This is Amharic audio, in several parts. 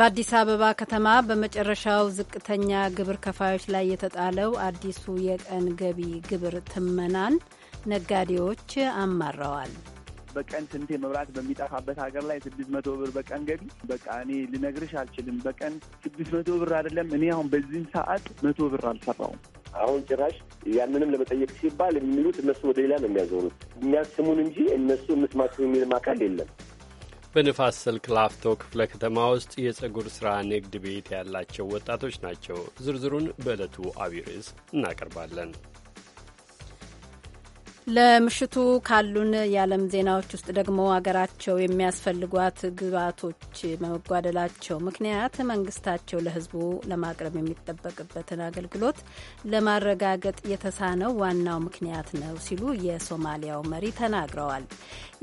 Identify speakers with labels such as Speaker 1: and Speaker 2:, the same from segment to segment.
Speaker 1: በአዲስ አበባ ከተማ በመጨረሻው ዝቅተኛ ግብር ከፋዮች ላይ የተጣለው አዲሱ የቀን ገቢ ግብር ትመናን ነጋዴዎች አማረዋል።
Speaker 2: በቀን ስንቴ መብራት በሚጠፋበት ሀገር ላይ ስድስት መቶ ብር በቀን ገቢ በቃ እኔ ልነግርሽ አልችልም። በቀን ስድስት መቶ ብር አይደለም እኔ አሁን በዚህም ሰዓት መቶ ብር አልሰራውም።
Speaker 3: አሁን ጭራሽ ያንንም ለመጠየቅ ሲባል የሚሉት እነሱ ወደ ሌላ ነው የሚያዞሩት። የሚያስሙን እንጂ እነሱ እንስማቸው የሚልም አካል የለም።
Speaker 4: በንፋስ ስልክ ላፍቶ ክፍለ ከተማ ውስጥ የጸጉር ሥራ ንግድ ቤት ያላቸው ወጣቶች ናቸው። ዝርዝሩን በዕለቱ አቢይ ርዕስ እናቀርባለን።
Speaker 1: ለምሽቱ ካሉን የዓለም ዜናዎች ውስጥ ደግሞ አገራቸው የሚያስፈልጓት ግብዓቶች በመጓደላቸው ምክንያት መንግስታቸው ለሕዝቡ ለማቅረብ የሚጠበቅበትን አገልግሎት ለማረጋገጥ የተሳነው ዋናው ምክንያት ነው ሲሉ የሶማሊያው መሪ ተናግረዋል።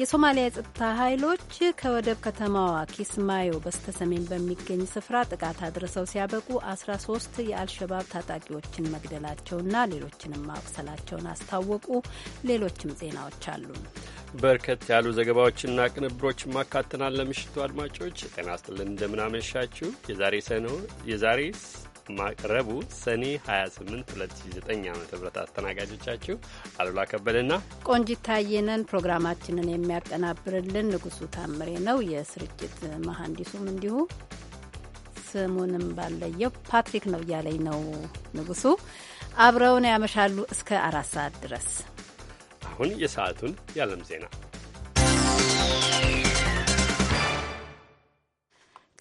Speaker 1: የሶማሊያ የጸጥታ ኃይሎች ከወደብ ከተማዋ ኪስማዮ በስተሰሜን በሚገኝ ስፍራ ጥቃት አድርሰው ሲያበቁ 13 የአልሸባብ ታጣቂዎችን መግደላቸውና ሌሎችንም ማቁሰላቸውን አስታወቁ። ሌሎችም ዜናዎች አሉ።
Speaker 4: በርከት ያሉ ዘገባዎችና ቅንብሮች ማካተናል። ለምሽቱ አድማጮች ጤና ይስጥልን፣ እንደምናመሻችሁ የዛሬ ሰኖ የዛሬ ማቅረቡ ሰኔ 28 2009 ዓ ም አስተናጋጆቻችሁ አሉላ ከበደና
Speaker 1: ቆንጂት ታየነን። ፕሮግራማችንን የሚያቀናብርልን ንጉሱ ታምሬ ነው። የስርጭት መሐንዲሱም እንዲሁ ስሙንም ባለየው ፓትሪክ ነው እያለኝ ነው ንጉሱ። አብረውን ያመሻሉ እስከ አራት ሰዓት ድረስ
Speaker 4: አሁን የሰዓቱን የዓለም ዜና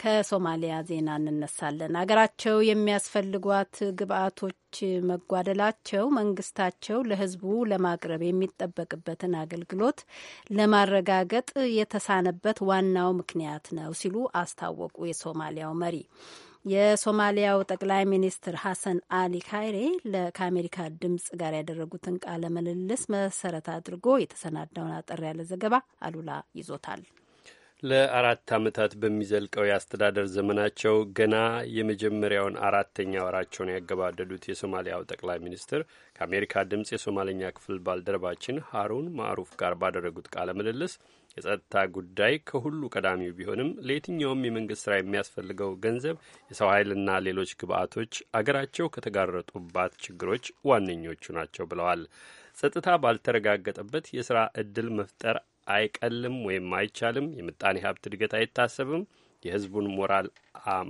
Speaker 1: ከሶማሊያ ዜና እንነሳለን። አገራቸው የሚያስፈልጓት ግብአቶች መጓደላቸው መንግስታቸው ለሕዝቡ ለማቅረብ የሚጠበቅበትን አገልግሎት ለማረጋገጥ የተሳነበት ዋናው ምክንያት ነው ሲሉ አስታወቁ የሶማሊያው መሪ የሶማሊያው ጠቅላይ ሚኒስትር ሐሰን አሊ ካይሬ ከአሜሪካ ድምፅ ጋር ያደረጉትን ቃለ ምልልስ መሰረት አድርጎ የተሰናዳውን አጠር ያለ ዘገባ አሉላ ይዞታል።
Speaker 4: ለአራት ዓመታት በሚዘልቀው የአስተዳደር ዘመናቸው ገና የመጀመሪያውን አራተኛ ወራቸውን ያገባደዱት የሶማሊያው ጠቅላይ ሚኒስትር ከአሜሪካ ድምፅ የሶማሊኛ ክፍል ባልደረባችን ሀሩን ማዕሩፍ ጋር ባደረጉት ቃለ ምልልስ የጸጥታ ጉዳይ ከሁሉ ቀዳሚው ቢሆንም ለየትኛውም የመንግስት ስራ የሚያስፈልገው ገንዘብ፣ የሰው ኃይልና ሌሎች ግብአቶች አገራቸው ከተጋረጡባት ችግሮች ዋነኞቹ ናቸው ብለዋል። ጸጥታ ባልተረጋገጠበት የስራ እድል መፍጠር አይቀልም ወይም አይቻልም። የምጣኔ ሀብት እድገት አይታሰብም። የህዝቡን ሞራል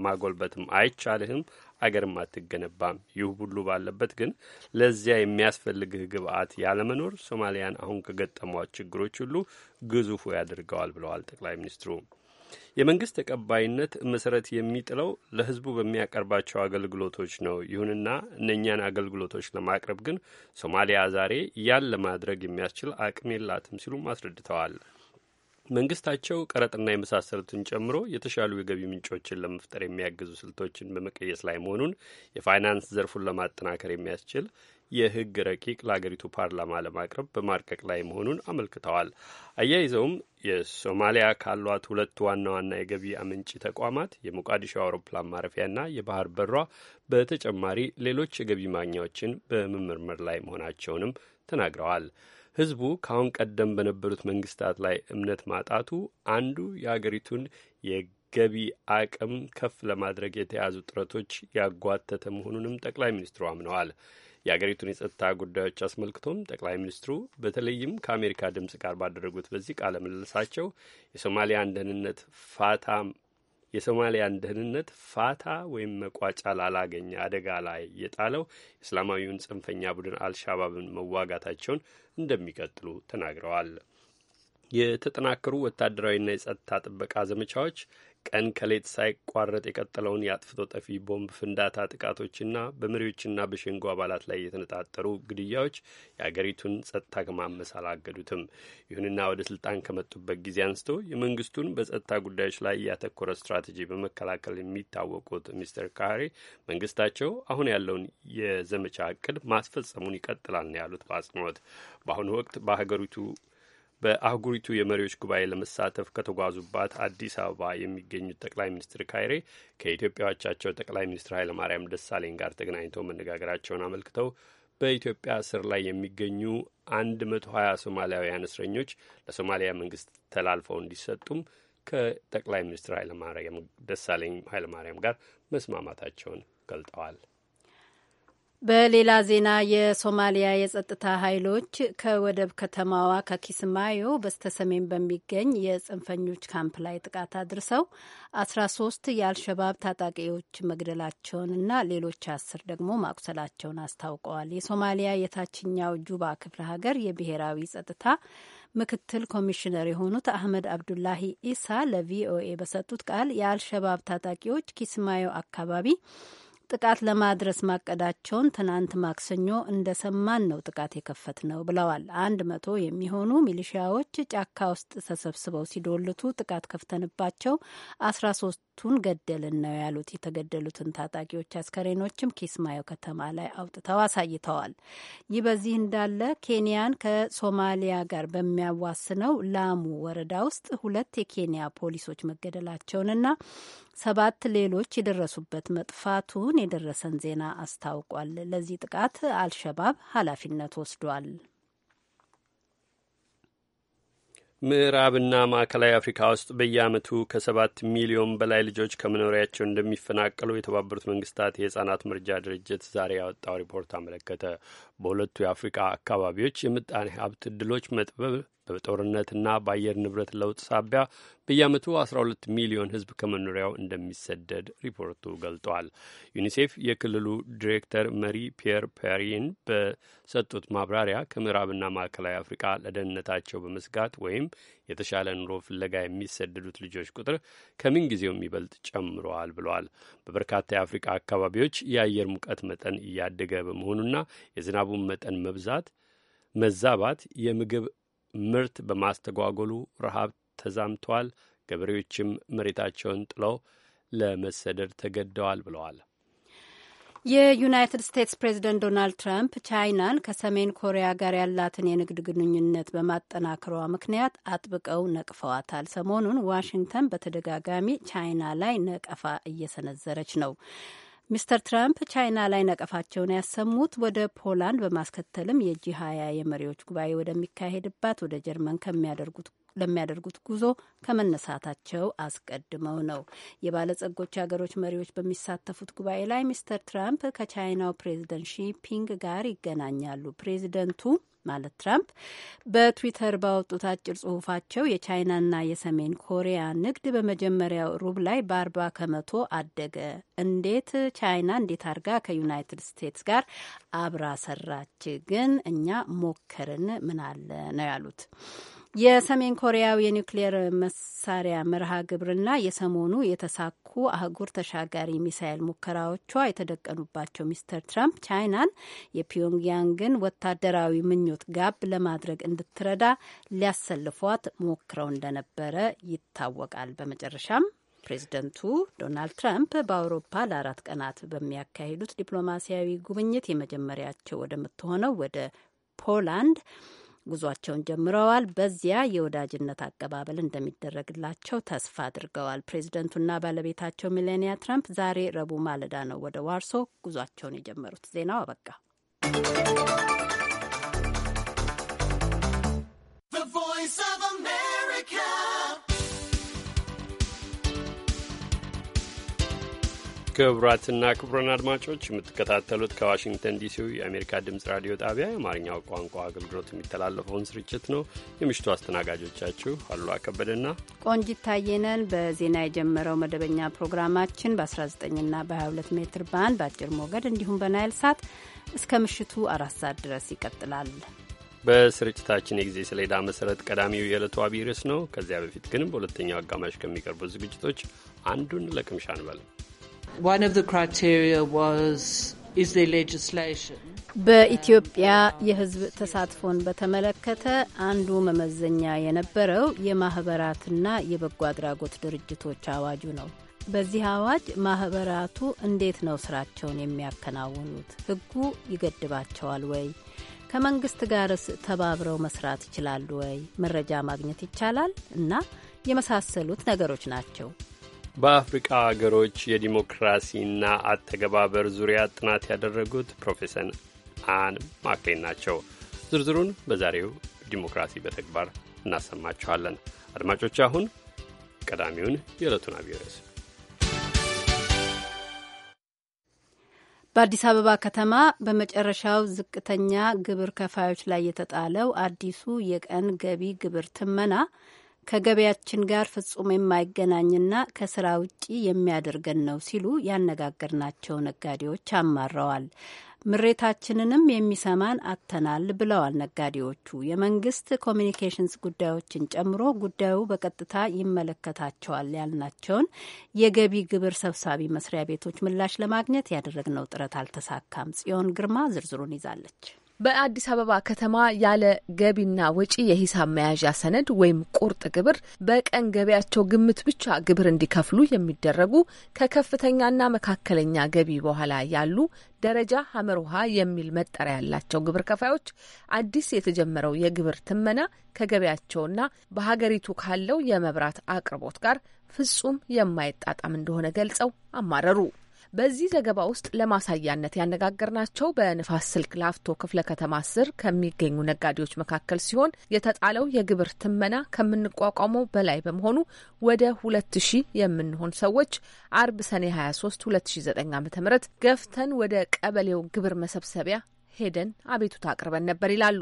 Speaker 4: ማጎልበትም አይቻልህም አገርም አትገነባም። ይህ ሁሉ ባለበት ግን ለዚያ የሚያስፈልግህ ግብአት ያለመኖር ሶማሊያን አሁን ከገጠሟት ችግሮች ሁሉ ግዙፉ ያደርገዋል ብለዋል ጠቅላይ ሚኒስትሩ። የመንግስት ተቀባይነት መሰረት የሚጥለው ለህዝቡ በሚያቀርባቸው አገልግሎቶች ነው። ይሁንና እነኛን አገልግሎቶች ለማቅረብ ግን ሶማሊያ ዛሬ ያን ለማድረግ የሚያስችል አቅም የላትም ሲሉም አስረድተዋል። መንግስታቸው ቀረጥና የመሳሰሉትን ጨምሮ የተሻሉ የገቢ ምንጮችን ለመፍጠር የሚያግዙ ስልቶችን በመቀየስ ላይ መሆኑን የፋይናንስ ዘርፉን ለማጠናከር የሚያስችል የህግ ረቂቅ ለአገሪቱ ፓርላማ ለማቅረብ በማርቀቅ ላይ መሆኑን አመልክተዋል። አያይዘውም የሶማሊያ ካሏት ሁለት ዋና ዋና የገቢ አምንጭ ተቋማት የሞቃዲሾ አውሮፕላን ማረፊያና የባህር በሯ በተጨማሪ ሌሎች የገቢ ማግኛዎችን በመመርመር ላይ መሆናቸውንም ተናግረዋል። ህዝቡ ከአሁን ቀደም በነበሩት መንግስታት ላይ እምነት ማጣቱ አንዱ የአገሪቱን የገቢ አቅም ከፍ ለማድረግ የተያዙ ጥረቶች ያጓተተ መሆኑንም ጠቅላይ ሚኒስትሩ አምነዋል። የአገሪቱን የጸጥታ ጉዳዮች አስመልክቶም ጠቅላይ ሚኒስትሩ በተለይም ከአሜሪካ ድምፅ ጋር ባደረጉት በዚህ ቃለ ምልልሳቸው የሶማሊያን ደህንነት ፋታ የሶማሊያን ደህንነት ፋታ ወይም መቋጫ ላላገኘ አደጋ ላይ የጣለው እስላማዊውን ጽንፈኛ ቡድን አልሻባብን መዋጋታቸውን እንደሚቀጥሉ ተናግረዋል። የተጠናከሩ ወታደራዊና የጸጥታ ጥበቃ ዘመቻዎች ቀን ከሌት ሳይቋረጥ የቀጠለውን የአጥፍቶ ጠፊ ቦምብ ፍንዳታ ጥቃቶችና በመሪዎችና በሸንጎ አባላት ላይ የተነጣጠሩ ግድያዎች የአገሪቱን ጸጥታ ከማመስ አላገዱትም። ይሁንና ወደ ስልጣን ከመጡበት ጊዜ አንስቶ የመንግስቱን በጸጥታ ጉዳዮች ላይ ያተኮረ ስትራቴጂ በመከላከል የሚታወቁት ሚስተር ካሬ መንግስታቸው አሁን ያለውን የዘመቻ እቅድ ማስፈጸሙን ይቀጥላል ነው ያሉት በአጽንኦት በአሁኑ ወቅት በሀገሪቱ በአህጉሪቱ የመሪዎች ጉባኤ ለመሳተፍ ከተጓዙባት አዲስ አበባ የሚገኙት ጠቅላይ ሚኒስትር ካይሬ ከኢትዮጵያዎቻቸው ጠቅላይ ሚኒስትር ኃይለማርያም ደሳለኝ ጋር ተገናኝተው መነጋገራቸውን አመልክተው በኢትዮጵያ እስር ላይ የሚገኙ 120 ሶማሊያውያን እስረኞች ለሶማሊያ መንግስት ተላልፈው እንዲሰጡም ከጠቅላይ ሚኒስትር ኃይለማርያም ደሳለኝ ኃይለማርያም ጋር መስማማታቸውን ገልጠዋል።
Speaker 1: በሌላ ዜና የሶማሊያ የጸጥታ ኃይሎች ከወደብ ከተማዋ ከኪስማዮ በስተሰሜን በሚገኝ የጽንፈኞች ካምፕ ላይ ጥቃት አድርሰው አስራ ሶስት የአልሸባብ ታጣቂዎች መግደላቸውንና ሌሎች አስር ደግሞ ማቁሰላቸውን አስታውቀዋል። የሶማሊያ የታችኛው ጁባ ክፍለ ሀገር የብሔራዊ ጸጥታ ምክትል ኮሚሽነር የሆኑት አህመድ አብዱላሂ ኢሳ ለቪኦኤ በሰጡት ቃል የአልሸባብ ታጣቂዎች ኪስማዮ አካባቢ ጥቃት ለማድረስ ማቀዳቸውን ትናንት ማክሰኞ እንደሰማን ነው ጥቃት የከፈት ነው ብለዋል። አንድ መቶ የሚሆኑ ሚሊሺያዎች ጫካ ውስጥ ተሰብስበው ሲዶልቱ ጥቃት ከፍተንባቸው አስራ ሶስቱን ገደልን ነው ያሉት። የተገደሉትን ታጣቂዎች አስከሬኖችም ኪስማዮ ከተማ ላይ አውጥተው አሳይተዋል። ይህ በዚህ እንዳለ ኬንያን ከሶማሊያ ጋር በሚያዋስነው ላሙ ወረዳ ውስጥ ሁለት የኬንያ ፖሊሶች መገደላቸውንና ሰባት ሌሎች የደረሱበት መጥፋቱን የደረሰን ዜና አስታውቋል። ለዚህ ጥቃት አልሸባብ ኃላፊነት ወስዷል።
Speaker 4: ምዕራብና ማዕከላዊ አፍሪካ ውስጥ በየዓመቱ ከሰባት ሚሊዮን በላይ ልጆች ከመኖሪያቸው እንደሚፈናቀሉ የተባበሩት መንግስታት የህጻናት መርጃ ድርጅት ዛሬ ያወጣው ሪፖርት አመለከተ። በሁለቱ የአፍሪቃ አካባቢዎች የምጣኔ ሀብት እድሎች መጥበብ በጦርነትና በአየር ንብረት ለውጥ ሳቢያ በየዓመቱ 12 ሚሊዮን ሕዝብ ከመኖሪያው እንደሚሰደድ ሪፖርቱ ገልጧል። ዩኒሴፍ የክልሉ ዲሬክተር መሪ ፒየር ፓሪን በሰጡት ማብራሪያ ከምዕራብና ማዕከላዊ አፍሪቃ ለደህንነታቸው በመስጋት ወይም የተሻለ ኑሮ ፍለጋ የሚሰደዱት ልጆች ቁጥር ከምንጊዜው የሚበልጥ ጨምረዋል ብለዋል። በበርካታ የአፍሪቃ አካባቢዎች የአየር ሙቀት መጠን እያደገ በመሆኑና የዝናቡን መጠን መብዛት መዛባት የምግብ ምርት በማስተጓጎሉ ረሃብ ተዛምተዋል። ገበሬዎችም መሬታቸውን ጥለው ለመሰደድ ተገደዋል ብለዋል።
Speaker 1: የዩናይትድ ስቴትስ ፕሬዝደንት ዶናልድ ትራምፕ ቻይናን ከሰሜን ኮሪያ ጋር ያላትን የንግድ ግንኙነት በማጠናከሯ ምክንያት አጥብቀው ነቅፈዋታል። ሰሞኑን ዋሽንግተን በተደጋጋሚ ቻይና ላይ ነቀፋ እየሰነዘረች ነው። ሚስተር ትራምፕ ቻይና ላይ ነቀፋቸውን ያሰሙት ወደ ፖላንድ በማስከተልም የጂ ሀያ የመሪዎች ጉባኤ ወደሚካሄድባት ወደ ጀርመን ከሚያደርጉት ለሚያደርጉት ጉዞ ከመነሳታቸው አስቀድመው ነው። የባለጸጎች ሀገሮች መሪዎች በሚሳተፉት ጉባኤ ላይ ሚስተር ትራምፕ ከቻይናው ፕሬዚደንት ሺፒንግ ጋር ይገናኛሉ። ፕሬዚደንቱ ማለት ትራምፕ በትዊተር ባወጡት አጭር ጽሁፋቸው የቻይናና የሰሜን ኮሪያ ንግድ በመጀመሪያው ሩብ ላይ በአርባ ከመቶ አደገ። እንዴት ቻይና እንዴት አድርጋ ከዩናይትድ ስቴትስ ጋር አብራ ሰራች? ግን እኛ ሞከርን ምናለ ነው ያሉት። የሰሜን ኮሪያው የኒውክሌር መሳሪያ መርሃ ግብርና የሰሞኑ የተሳኩ አህጉር ተሻጋሪ ሚሳይል ሙከራዎቿ የተደቀኑባቸው ሚስተር ትራምፕ ቻይናን የፒዮንግያንግን ወታደራዊ ምኞት ጋብ ለማድረግ እንድትረዳ ሊያሰልፏት ሞክረው እንደነበረ ይታወቃል። በመጨረሻም ፕሬዚደንቱ ዶናልድ ትራምፕ በአውሮፓ ለአራት ቀናት በሚያካሂዱት ዲፕሎማሲያዊ ጉብኝት የመጀመሪያቸው ወደምትሆነው ወደ ፖላንድ ጉዟቸውን ጀምረዋል። በዚያ የወዳጅነት አቀባበል እንደሚደረግላቸው ተስፋ አድርገዋል። ፕሬዚደንቱና ባለቤታቸው ሚሌኒያ ትራምፕ ዛሬ ረቡዕ ማለዳ ነው ወደ ዋርሶ ጉዟቸውን የጀመሩት። ዜናው አበቃ።
Speaker 4: ክቡራትና ክቡራን አድማጮች የምትከታተሉት ከዋሽንግተን ዲሲው የአሜሪካ ድምፅ ራዲዮ ጣቢያ የአማርኛው ቋንቋ አገልግሎት የሚተላለፈውን ስርጭት ነው። የምሽቱ አስተናጋጆቻችሁ አሉላ ከበደና
Speaker 1: ቆንጂት ታየነን። በዜና የጀመረው መደበኛ ፕሮግራማችን በ19ና በ22 ሜትር ባንድ በአጭር ሞገድ እንዲሁም በናይል ሳት እስከ ምሽቱ አራት ሰዓት ድረስ ይቀጥላል።
Speaker 4: በስርጭታችን የጊዜ ሰሌዳ መሰረት ቀዳሚው የዕለቱ አብይ ርዕስ ነው። ከዚያ በፊት ግን በሁለተኛው አጋማሽ ከሚቀርቡት ዝግጅቶች አንዱን
Speaker 5: ለቅምሻ እንበል። One of the criteria was is there legislation?
Speaker 1: በኢትዮጵያ የሕዝብ ተሳትፎን በተመለከተ አንዱ መመዘኛ የነበረው የማህበራትና የበጎ አድራጎት ድርጅቶች አዋጁ ነው። በዚህ አዋጅ ማህበራቱ እንዴት ነው ስራቸውን የሚያከናውኑት? ሕጉ ይገድባቸዋል ወይ? ከመንግስት ጋርስ ተባብረው መስራት ይችላሉ ወይ? መረጃ ማግኘት ይቻላል እና የመሳሰሉት ነገሮች ናቸው።
Speaker 4: በአፍሪቃ ሀገሮች የዲሞክራሲና አተገባበር ዙሪያ ጥናት ያደረጉት ፕሮፌሰር አን ማክሌን ናቸው። ዝርዝሩን በዛሬው ዲሞክራሲ በተግባር እናሰማችኋለን። አድማጮች አሁን ቀዳሚውን የዕለቱን አብይ ርዕስ
Speaker 1: በአዲስ አበባ ከተማ በመጨረሻው ዝቅተኛ ግብር ከፋዮች ላይ የተጣለው አዲሱ የቀን ገቢ ግብር ትመና ከገበያችን ጋር ፍጹም የማይገናኝና ከስራ ውጪ የሚያደርገን ነው ሲሉ ያነጋገርናቸው ነጋዴዎች አማረዋል። ምሬታችንንም የሚሰማን አጥተናል ብለዋል ነጋዴዎቹ። የመንግስት ኮሚኒኬሽንስ ጉዳዮችን ጨምሮ ጉዳዩ በቀጥታ ይመለከታቸዋል ያልናቸውን የገቢ ግብር ሰብሳቢ መስሪያ ቤቶች ምላሽ ለማግኘት ያደረግነው ጥረት አልተሳካም። ጽዮን ግርማ ዝርዝሩን ይዛለች።
Speaker 6: በአዲስ አበባ ከተማ ያለ ገቢና ወጪ የሂሳብ መያዣ ሰነድ ወይም ቁርጥ ግብር በቀን ገቢያቸው ግምት ብቻ ግብር እንዲከፍሉ የሚደረጉ ከከፍተኛና መካከለኛ ገቢ በኋላ ያሉ ደረጃ ሀመር ውሃ የሚል መጠሪያ ያላቸው ግብር ከፋዮች አዲስ የተጀመረው የግብር ትመና ከገቢያቸውና በሀገሪቱ ካለው የመብራት አቅርቦት ጋር ፍጹም የማይጣጣም እንደሆነ ገልጸው አማረሩ። በዚህ ዘገባ ውስጥ ለማሳያነት ያነጋገርናቸው በንፋስ ስልክ ላፍቶ ክፍለ ከተማ ስር ከሚገኙ ነጋዴዎች መካከል ሲሆን የተጣለው የግብር ትመና ከምንቋቋመው በላይ በመሆኑ ወደ ሁለት ሺህ የምንሆን ሰዎች አርብ ሰኔ 23 2009 ዓ ም ገፍተን ወደ ቀበሌው ግብር መሰብሰቢያ ሄደን አቤቱታ አቅርበን ነበር ይላሉ።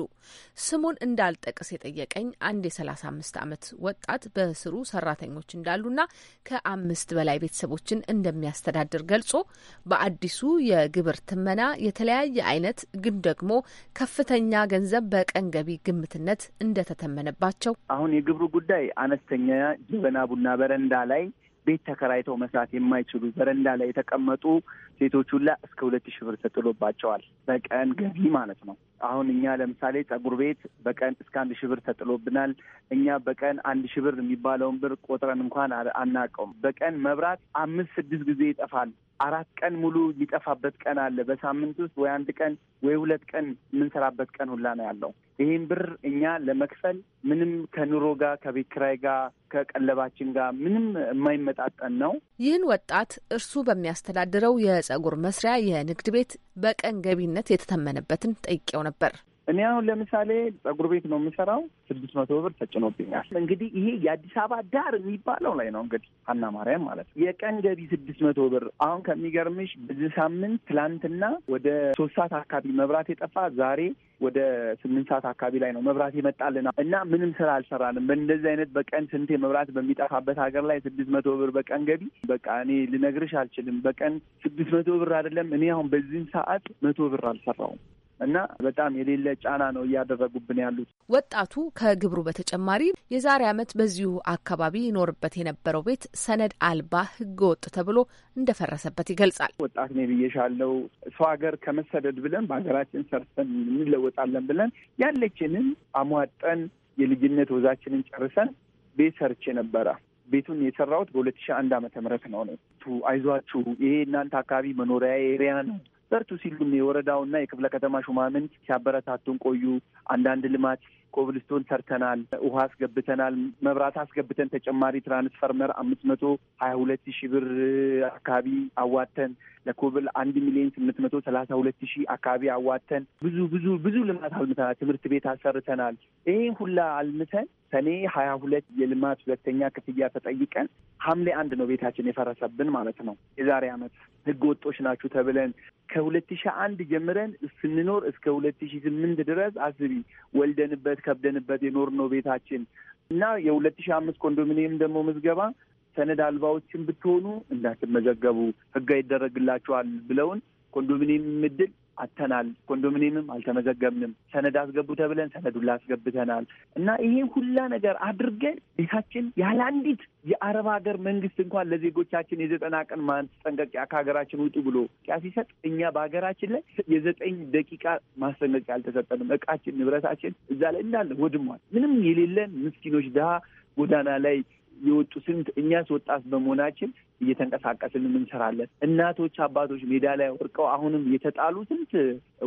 Speaker 6: ስሙን እንዳልጠቅስ የጠየቀኝ አንድ የሰላሳ አምስት ዓመት ወጣት በስሩ ሰራተኞች እንዳሉና ከአምስት በላይ ቤተሰቦችን እንደሚያስተዳድር ገልጾ በአዲሱ የግብር ትመና የተለያየ አይነት ግን ደግሞ ከፍተኛ ገንዘብ በቀን ገቢ ግምትነት እንደተተመነባቸው
Speaker 2: አሁን የግብሩ ጉዳይ አነስተኛ ጀበና ቡና በረንዳ ላይ ቤት ተከራይተው መስራት የማይችሉ በረንዳ ላይ የተቀመጡ ሴቶች ሁላ እስከ ሁለት ሺህ ብር ተጥሎባቸዋል። በቀን ገቢ ማለት ነው። አሁን እኛ ለምሳሌ ጸጉር ቤት በቀን እስከ አንድ ሺህ ብር ተጥሎብናል። እኛ በቀን አንድ ሺህ ብር የሚባለውን ብር ቆጥረን እንኳን አናውቀውም። በቀን መብራት አምስት ስድስት ጊዜ ይጠፋል። አራት ቀን ሙሉ የሚጠፋበት ቀን አለ። በሳምንት ውስጥ ወይ አንድ ቀን ወይ ሁለት ቀን የምንሰራበት ቀን ሁላ ነው ያለው። ይህን ብር እኛ ለመክፈል ምንም ከኑሮ ጋር ከቤት ኪራይ ጋር ከቀለባችን ጋር ምንም የማይመጣጠን ነው።
Speaker 6: ይህን ወጣት እርሱ በሚያስተዳድረው የጸጉር መስሪያ የንግድ ቤት በቀን ገቢነት የተተመነበትን ጠይቄው ነበር።
Speaker 2: እኔ አሁን ለምሳሌ ጸጉር ቤት ነው የምሰራው። ስድስት መቶ ብር ተጭኖብኛል። እንግዲህ ይሄ የአዲስ አበባ ዳር የሚባለው ላይ ነው እንግዲህ ሀና ማርያም ማለት ነው። የቀን ገቢ ስድስት መቶ ብር። አሁን ከሚገርምሽ በዚህ ሳምንት ትላንትና ወደ ሶስት ሰዓት አካባቢ መብራት የጠፋ ዛሬ ወደ ስምንት ሰዓት አካባቢ ላይ ነው መብራት ይመጣልና እና ምንም ስራ አልሰራንም። በእንደዚህ አይነት በቀን ስንቴ መብራት በሚጠፋበት ሀገር ላይ ስድስት መቶ ብር በቀን ገቢ በቃ እኔ ልነግርሽ አልችልም። በቀን ስድስት መቶ ብር አይደለም እኔ አሁን በዚህም ሰዓት መቶ ብር አልሰራውም። እና በጣም የሌለ ጫና ነው እያደረጉብን ያሉት።
Speaker 6: ወጣቱ ከግብሩ በተጨማሪ የዛሬ ዓመት በዚሁ አካባቢ ይኖርበት የነበረው ቤት ሰነድ አልባ ሕገ ወጥ ተብሎ እንደፈረሰበት ይገልጻል።
Speaker 2: ወጣት ነኝ ብዬሻለው። ሰው ሀገር ከመሰደድ ብለን በሀገራችን ሰርተን እንለወጣለን ብለን ያለችንን አሟጠን የልጅነት ወዛችንን ጨርሰን ቤት ሰርቼ ነበረ። ቤቱን የሰራሁት በሁለት ሺህ አንድ ዓመተ ምህረት ነው ነው አይዟችሁ፣ ይሄ እናንተ አካባቢ መኖሪያ ኤሪያ ነው በርቱ ሲሉም የወረዳውና የክፍለ ከተማ ሹማምንት ሲያበረታቱን ቆዩ። አንዳንድ ልማት ኮብልስቶን ሰርተናል፣ ውሃ አስገብተናል፣ መብራት አስገብተን ተጨማሪ ትራንስፈርመር አምስት መቶ ሀያ ሁለት ሺህ ብር አካባቢ አዋተን ለኮብል አንድ ሚሊዮን ስምንት መቶ ሰላሳ ሁለት ሺህ አካባቢ አዋተን ብዙ ብዙ ብዙ ልማት አልምተናል። ትምህርት ቤት አሰርተናል። ይህን ሁላ አልምተን ሰኔ ሀያ ሁለት የልማት ሁለተኛ ክፍያ ተጠይቀን ሐምሌ አንድ ነው ቤታችን የፈረሰብን ማለት ነው። የዛሬ ዓመት ህገ ወጦች ናችሁ ተብለን ከሁለት ሺ አንድ ጀምረን ስንኖር እስከ ሁለት ሺ ስምንት ድረስ አስቢ ወልደንበት ከብደንበት የኖርነው ቤታችን እና የሁለት ሺ አምስት ኮንዶሚኒየም ደግሞ ምዝገባ ሰነድ አልባዎችን ብትሆኑ እንዳትመዘገቡ ህጋ ይደረግላችኋል ብለውን ኮንዶሚኒየም ምድል አተናል። ኮንዶሚኒየምም አልተመዘገብንም። ሰነድ አስገቡ ተብለን ሰነዱን ላስገብተናል እና ይሄን ሁላ ነገር አድርገን ቤታችን ያለ አንዲት የአረብ ሀገር መንግስት እንኳን ለዜጎቻችን የዘጠና ቀን ማስጠንቀቂያ ከሀገራችን ውጡ ብሎ ቂያ ሲሰጥ እኛ በሀገራችን ላይ የዘጠኝ ደቂቃ ማስጠንቀቂያ አልተሰጠንም። እቃችን፣ ንብረታችን እዛ ላይ እንዳለ ወድሟል። ምንም የሌለን ምስኪኖች ድሃ ጎዳና ላይ የወጡ ስንት እኛስ ወጣት በመሆናችን እየተንቀሳቀስን እንሰራለን። እናቶች፣ አባቶች ሜዳ ላይ ወርቀው አሁንም የተጣሉ ስንት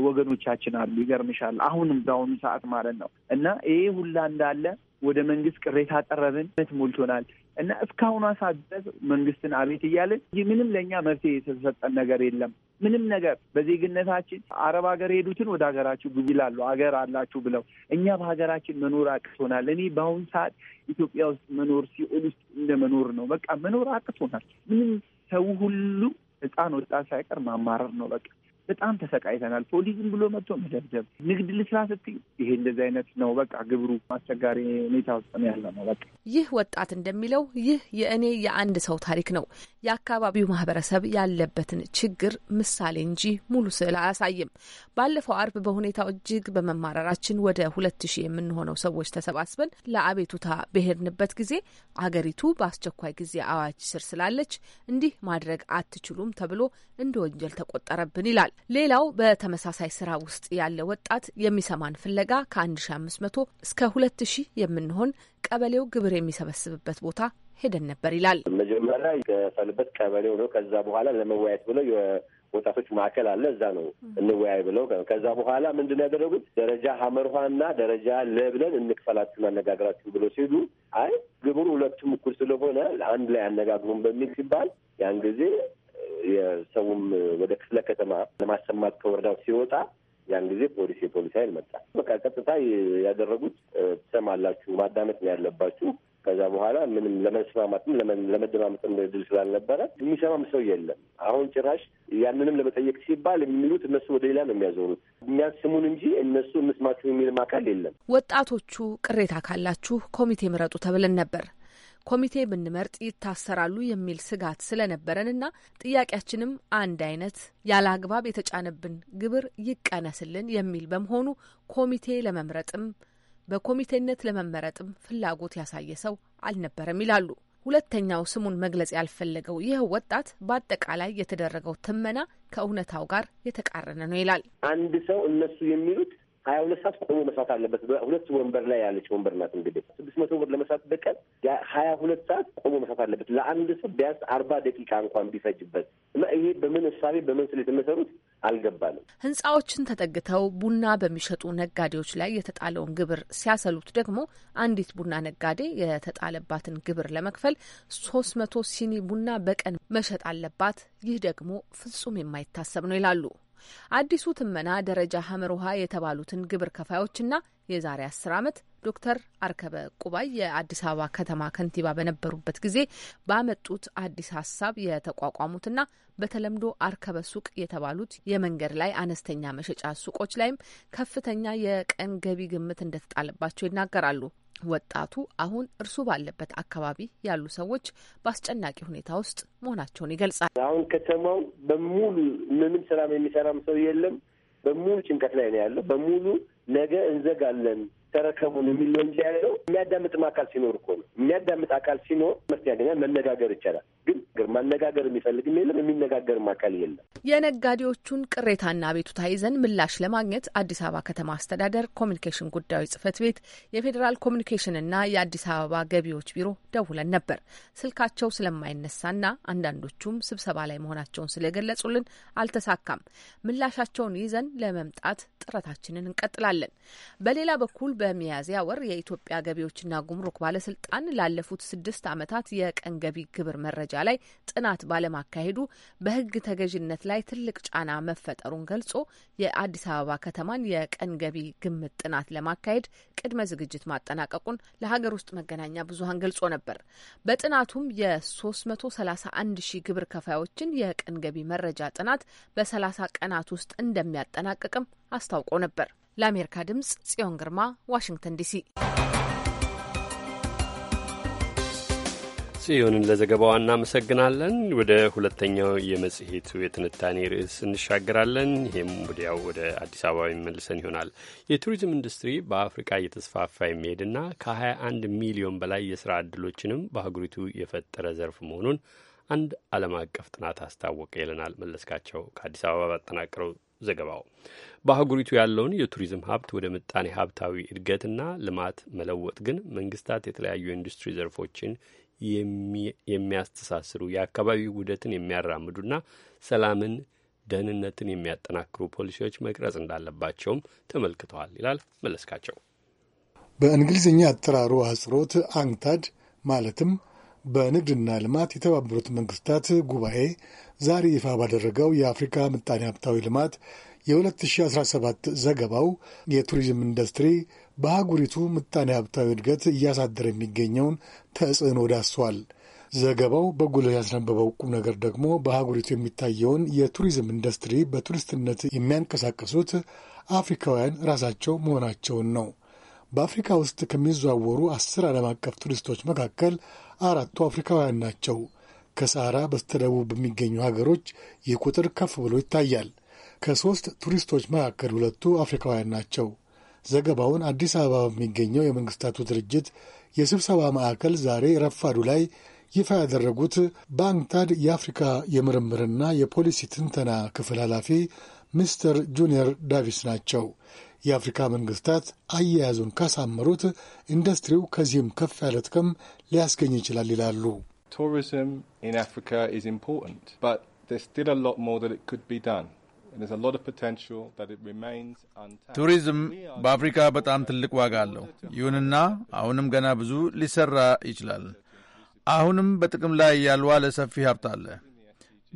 Speaker 2: ወገኖቻችን አሉ። ይገርምሻል። አሁንም በአሁኑ ሰዓት ማለት ነው እና ይሄ ሁላ እንዳለ ወደ መንግስት ቅሬታ አቀረብን። ነት ሞልቶናል። እና እስካሁኗ ሰዓት ድረስ መንግስትን አቤት እያለን ምንም ለእኛ መፍትሄ የተሰጠን ነገር የለም። ምንም ነገር በዜግነታችን አረብ ሀገር የሄዱትን ወደ ሀገራችሁ ግቡ ይላሉ፣ ሀገር አላችሁ ብለው። እኛ በሀገራችን መኖር አቅቶናል። እኔ በአሁኑ ሰዓት ኢትዮጵያ ውስጥ መኖር ሲኦል ውስጥ እንደ መኖር ነው። በቃ መኖር አቅቶናል። ምንም ሰው ሁሉ ህፃን ወጣት ሳይቀር ማማረር ነው በቃ በጣም ተሰቃይተናል። ፖሊዝም ብሎ መጥቶ መደብደብ፣ ንግድ ልስራ ስትይ ይሄ እንደዚህ አይነት ነው። በቃ ግብሩ አስቸጋሪ ሁኔታ ውስጥ
Speaker 6: ነው ያለ ነው። በቃ ይህ ወጣት እንደሚለው ይህ የእኔ የአንድ ሰው ታሪክ ነው። የአካባቢው ማህበረሰብ ያለበትን ችግር ምሳሌ እንጂ ሙሉ ስዕል አያሳይም። ባለፈው አርብ በሁኔታው እጅግ በመማረራችን ወደ ሁለት ሺህ የምንሆነው ሰዎች ተሰባስበን ለአቤቱታ በሄድንበት ጊዜ አገሪቱ በአስቸኳይ ጊዜ አዋጅ ስር ስላለች እንዲህ ማድረግ አትችሉም ተብሎ እንደ ወንጀል ተቆጠረብን ይላል። ሌላው በተመሳሳይ ስራ ውስጥ ያለ ወጣት የሚሰማን ፍለጋ ከ1500 እስከ 2000 የምንሆን ቀበሌው ግብር የሚሰበስብበት ቦታ ሄደን ነበር ይላል።
Speaker 3: መጀመሪያ የከፈልበት ቀበሌው ነው። ከዛ በኋላ ለመወያየት ብለው ወጣቶች ማዕከል አለ። እዛ ነው እንወያይ ብለው ከዛ በኋላ ምንድን ነው ያደረጉት? ደረጃ ሀመርኋና ደረጃ ለብለን እንክፈላችሁ አነጋግራችሁ ብሎ ሲሉ አይ ግብሩ ሁለቱም እኩል ስለሆነ አንድ ላይ አነጋግሩን በሚል ሲባል ያን ጊዜ የሰውም ወደ ክፍለ ከተማ ለማሰማት ከወረዳው ሲወጣ ያን ጊዜ ፖሊስ የፖሊስ ኃይል መጣ። በቃ ቀጥታ ያደረጉት ትሰማላችሁ፣ ማዳመጥ ነው ያለባችሁ። ከዛ በኋላ ምንም ለመስማማትም ለመደማመጥም ድል ስላልነበረ የሚሰማም ሰው የለም። አሁን ጭራሽ ያንንም ለመጠየቅ ሲባል የሚሉት እነሱ ወደ ሌላ ነው የሚያዞሩት። እኛን ስሙን እንጂ እነሱ እንስማችሁ የሚልም አካል የለም።
Speaker 6: ወጣቶቹ ቅሬታ ካላችሁ ኮሚቴ ምረጡ ተብለን ነበር። ኮሚቴ ብንመርጥ ይታሰራሉ የሚል ስጋት ስለነበረንና ጥያቄያችንም አንድ አይነት ያለ አግባብ የተጫነብን ግብር ይቀነስልን የሚል በመሆኑ ኮሚቴ ለመምረጥም በኮሚቴነት ለመመረጥም ፍላጎት ያሳየ ሰው አልነበረም ይላሉ። ሁለተኛው ስሙን መግለጽ ያልፈለገው ይህ ወጣት በአጠቃላይ የተደረገው ትመና ከእውነታው ጋር የተቃረነ ነው ይላል።
Speaker 2: አንድ ሰው
Speaker 3: እነሱ የሚሉት ሀያ ሁለት ሰዓት ቆሞ መስራት አለበት። ሁለት ወንበር ላይ ያለች ወንበር ናት እንግዲህ ስድስት መቶ ብር ለመስራት በቀን ሀያ ሁለት ሰዓት ቆሞ መስራት አለበት። ለአንድ ሰው ቢያንስ አርባ ደቂቃ እንኳን ቢፈጅበት እና ይሄ በምን እሳቤ በምን ስለተመሰሩት አልገባንም።
Speaker 6: ህንፃዎችን ተጠግተው ቡና በሚሸጡ ነጋዴዎች ላይ የተጣለውን ግብር ሲያሰሉት ደግሞ አንዲት ቡና ነጋዴ የተጣለባትን ግብር ለመክፈል ሶስት መቶ ሲኒ ቡና በቀን መሸጥ አለባት። ይህ ደግሞ ፍጹም የማይታሰብ ነው ይላሉ። አዲሱ ትመና ደረጃ ሀመር ውሃ የተባሉትን ግብር ከፋዮችና የዛሬ አስር ዓመት ዶክተር አርከበ ቁባይ የአዲስ አበባ ከተማ ከንቲባ በነበሩበት ጊዜ ባመጡት አዲስ ሀሳብ የተቋቋሙትና በተለምዶ አርከበ ሱቅ የተባሉት የመንገድ ላይ አነስተኛ መሸጫ ሱቆች ላይም ከፍተኛ የቀን ገቢ ግምት እንደተጣለባቸው ይናገራሉ። ወጣቱ አሁን እርሱ ባለበት አካባቢ ያሉ ሰዎች በአስጨናቂ ሁኔታ ውስጥ መሆናቸውን ይገልጻል።
Speaker 2: አሁን ከተማው በሙሉ ምንም ስራም የሚሰራም ሰው የለም። በሙሉ ጭንቀት
Speaker 3: ላይ ነው ያለው። በሙሉ ነገ እንዘጋለን ተረከቡን የሚል ነው እንጂ ያለው የሚያዳምጥም አካል ሲኖር እኮ ነው። የሚያዳምጥ አካል ሲኖር መፍትሄ ያገኛል፣ መነጋገር ይቻላል። ግን ማነጋገር የሚፈልግም የለም፣ የሚነጋገርም አካል የለም።
Speaker 6: የነጋዴዎቹን ቅሬታና ቤቱታ ይዘን ምላሽ ለማግኘት አዲስ አበባ ከተማ አስተዳደር ኮሚኒኬሽን ጉዳዮች ጽህፈት ቤት፣ የፌዴራል ኮሚኒኬሽንና የአዲስ አበባ ገቢዎች ቢሮ ደውለን ነበር። ስልካቸው ስለማይነሳና አንዳንዶቹም ስብሰባ ላይ መሆናቸውን ስለገለጹልን አልተሳካም። ምላሻቸውን ይዘን ለመምጣት ጥረታችንን እንቀጥላለን። በሌላ በኩል በሚያዝያ ወር የኢትዮጵያ ገቢዎችና ጉምሩክ ባለስልጣን ላለፉት ስድስት ዓመታት የቀን ገቢ ግብር መረጃ ላይ ጥናት ባለማካሄዱ በሕግ ተገዥነት ላይ ትልቅ ጫና መፈጠሩን ገልጾ የአዲስ አበባ ከተማን የቀን ገቢ ግምት ጥናት ለማካሄድ ቅድመ ዝግጅት ማጠናቀቁን ለሀገር ውስጥ መገናኛ ብዙኃን ገልጾ ነበር። በጥናቱም የ331 ሺህ ግብር ከፋዮችን የቀን ገቢ መረጃ ጥናት በ30 ቀናት ውስጥ እንደሚያጠናቅቅም አስታውቆ ነበር። ለአሜሪካ ድምጽ ጽዮን ግርማ ዋሽንግተን ዲሲ።
Speaker 4: ጽዮንን ለዘገባዋ እናመሰግናለን። ወደ ሁለተኛው የመጽሔቱ የትንታኔ ርዕስ እንሻገራለን። ይህም ወዲያው ወደ አዲስ አበባ የሚመልሰን ይሆናል። የቱሪዝም ኢንዱስትሪ በአፍሪካ እየተስፋፋ የሚሄድና ከ21 ሚሊዮን በላይ የስራ ዕድሎችንም በአህጉሪቱ የፈጠረ ዘርፍ መሆኑን አንድ ዓለም አቀፍ ጥናት አስታወቀ ይለናል መለስካቸው ከአዲስ አበባ ባጠናቀረው ዘገባው በአህጉሪቱ ያለውን የቱሪዝም ሀብት ወደ ምጣኔ ሀብታዊ እድገትና ልማት መለወጥ ግን መንግስታት የተለያዩ የኢንዱስትሪ ዘርፎችን የሚያስተሳስሩ የአካባቢ ውህደትን የሚያራምዱና ሰላምን፣ ደህንነትን የሚያጠናክሩ ፖሊሲዎች መቅረጽ እንዳለባቸውም ተመልክተዋል ይላል መለስካቸው።
Speaker 7: በእንግሊዝኛ አጠራሩ አጽሮት አንክታድ ማለትም በንግድና ልማት የተባበሩት መንግስታት ጉባኤ ዛሬ ይፋ ባደረገው የአፍሪካ ምጣኔ ሀብታዊ ልማት የ2017 ዘገባው የቱሪዝም ኢንዱስትሪ በአህጉሪቱ ምጣኔ ሀብታዊ እድገት እያሳደረ የሚገኘውን ተጽዕኖ ዳስሷል። ዘገባው በጉልህ ያስነበበው ቁም ነገር ደግሞ በአህጉሪቱ የሚታየውን የቱሪዝም ኢንዱስትሪ በቱሪስትነት የሚያንቀሳቀሱት አፍሪካውያን ራሳቸው መሆናቸውን ነው። በአፍሪካ ውስጥ ከሚዘዋወሩ አስር ዓለም አቀፍ ቱሪስቶች መካከል አራቱ አፍሪካውያን ናቸው። ከሰሃራ በስተደቡብ በሚገኙ ሀገሮች ይህ ቁጥር ከፍ ብሎ ይታያል። ከሦስት ቱሪስቶች መካከል ሁለቱ አፍሪካውያን ናቸው። ዘገባውን አዲስ አበባ በሚገኘው የመንግስታቱ ድርጅት የስብሰባ ማዕከል ዛሬ ረፋዱ ላይ ይፋ ያደረጉት በአንክታድ የአፍሪካ የምርምርና የፖሊሲ ትንተና ክፍል ኃላፊ ሚስተር ጁኒየር ዳቪስ ናቸው። የአፍሪካ መንግስታት አያያዙን ካሳመሩት ኢንዱስትሪው ከዚህም ከፍ ያለ ጥቅም ሊያስገኝ ይችላል ይላሉ።
Speaker 5: tourism in Africa is important, but there's still a lot more that it could be done.
Speaker 8: ቱሪዝም በአፍሪካ በጣም ትልቅ ዋጋ አለው። ይሁንና አሁንም ገና ብዙ ሊሰራ ይችላል። አሁንም በጥቅም ላይ ያልዋለ ሰፊ ሀብት አለ።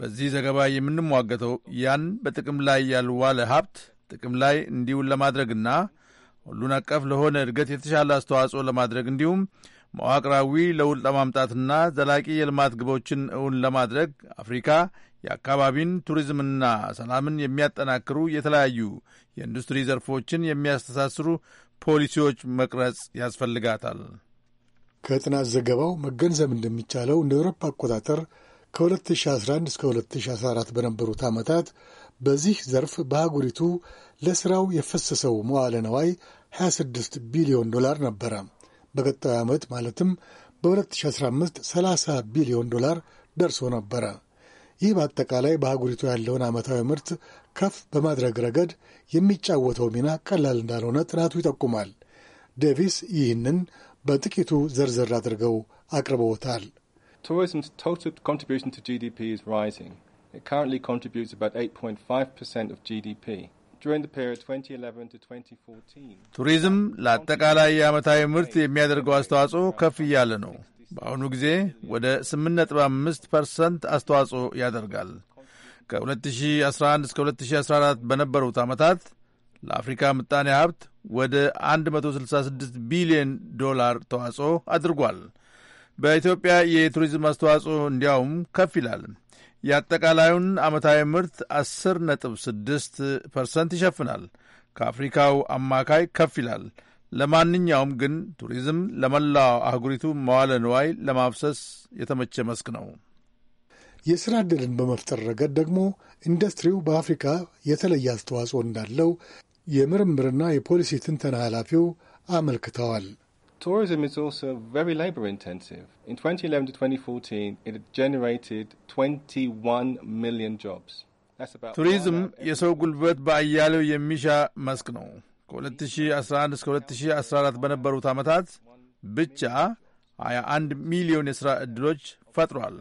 Speaker 8: በዚህ ዘገባ የምንሟገተው ያን በጥቅም ላይ ያልዋለ ሀብት ጥቅም ላይ እንዲውን ለማድረግና ሁሉን አቀፍ ለሆነ እድገት የተሻለ አስተዋጽኦ ለማድረግ እንዲሁም መዋቅራዊ ለውጥ ለማምጣትና ዘላቂ የልማት ግቦችን እውን ለማድረግ አፍሪካ የአካባቢን ቱሪዝምና ሰላምን የሚያጠናክሩ የተለያዩ የኢንዱስትሪ ዘርፎችን የሚያስተሳስሩ ፖሊሲዎች መቅረጽ ያስፈልጋታል።
Speaker 7: ከጥናት ዘገባው መገንዘብ እንደሚቻለው እንደ አውሮፓ አቆጣጠር ከ2011 እስከ 2014 በነበሩት ዓመታት በዚህ ዘርፍ በአህጉሪቱ ለሥራው የፈሰሰው መዋለ ነዋይ 26 ቢሊዮን ዶላር ነበረ። በቀጣዩ ዓመት ማለትም በ2015 30 ቢሊዮን ዶላር ደርሶ ነበረ። ይህ በአጠቃላይ በአህጉሪቱ ያለውን ዓመታዊ ምርት ከፍ በማድረግ ረገድ የሚጫወተው ሚና ቀላል እንዳልሆነ ጥናቱ ይጠቁማል። ዴቪስ ይህንን በጥቂቱ ዘርዘር አድርገው አቅርበውታል።
Speaker 5: ቱሪዝም
Speaker 8: ቱሪዝም ለአጠቃላይ የዓመታዊ ምርት የሚያደርገው አስተዋጽኦ ከፍ እያለ ነው። በአሁኑ ጊዜ ወደ 8.5 ፐርሰንት አስተዋጽኦ ያደርጋል። ከ2011 እስከ 2014 በነበሩት ዓመታት ለአፍሪካ ምጣኔ ሀብት ወደ 166 ቢሊዮን ዶላር ተዋጽኦ አድርጓል። በኢትዮጵያ የቱሪዝም አስተዋጽኦ እንዲያውም ከፍ ይላል። የአጠቃላዩን ዓመታዊ ምርት 10 ነጥብ 6 ፐርሰንት ይሸፍናል። ከአፍሪካው አማካይ ከፍ ይላል። ለማንኛውም ግን ቱሪዝም ለመላው አህጉሪቱ መዋለ ንዋይ ለማፍሰስ የተመቸ መስክ ነው። የሥራ ዕድልን
Speaker 7: በመፍጠር ረገድ ደግሞ ኢንዱስትሪው በአፍሪካ የተለየ አስተዋጽኦ እንዳለው የምርምርና የፖሊሲ ትንተና ኃላፊው አመልክተዋል።
Speaker 5: Tourism is also very labor intensive. In 2011 to 2014, it generated 21 million jobs. ቱሪዝም
Speaker 8: የሰው ጉልበት በአያሌው የሚሻ መስክ ነው። ከ2011 እስከ 2014 በነበሩት ዓመታት ብቻ 21 ሚሊዮን የሥራ ዕድሎች ፈጥሯል።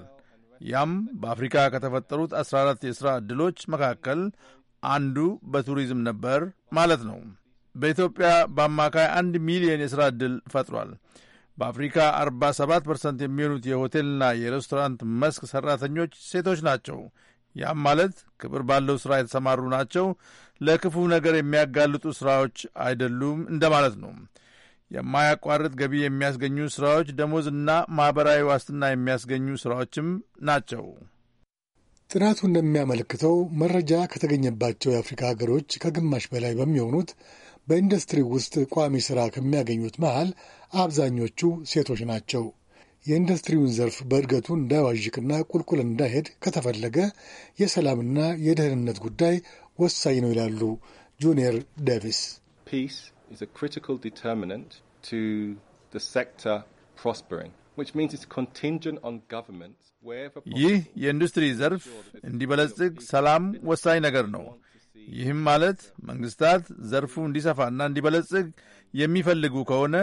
Speaker 8: ያም በአፍሪካ ከተፈጠሩት 14 የሥራ ዕድሎች መካከል አንዱ በቱሪዝም ነበር ማለት ነው። በኢትዮጵያ በአማካይ አንድ ሚሊዮን የሥራ ዕድል ፈጥሯል። በአፍሪካ 47 ፐርሰንት የሚሆኑት የሆቴልና የሬስቶራንት መስክ ሠራተኞች ሴቶች ናቸው። ያም ማለት ክብር ባለው ሥራ የተሰማሩ ናቸው። ለክፉ ነገር የሚያጋልጡ ሥራዎች አይደሉም እንደማለት ነው። የማያቋርጥ ገቢ የሚያስገኙ ሥራዎች፣ ደሞዝና ማኅበራዊ ዋስትና የሚያስገኙ ሥራዎችም ናቸው።
Speaker 7: ጥናቱ እንደሚያመለክተው መረጃ ከተገኘባቸው የአፍሪካ ሀገሮች ከግማሽ በላይ በሚሆኑት በኢንዱስትሪ ውስጥ ቋሚ ሥራ ከሚያገኙት መሃል አብዛኞቹ ሴቶች ናቸው። የኢንዱስትሪውን ዘርፍ በእድገቱ እንዳይዋዥቅና ቁልቁል እንዳይሄድ ከተፈለገ የሰላምና የደህንነት ጉዳይ ወሳኝ ነው ይላሉ ጁኒየር ዴቪስ።
Speaker 5: ፒስ ኢዝ ኤ ክሪቲካል ዲተርሚናንት ቱ ዘ ሴክተር
Speaker 8: ፕሮስፐሪንግ ይህ የኢንዱስትሪ ዘርፍ እንዲበለጽግ ሰላም ወሳኝ ነገር ነው። ይህም ማለት መንግስታት ዘርፉ እንዲሰፋና እንዲበለጽግ የሚፈልጉ ከሆነ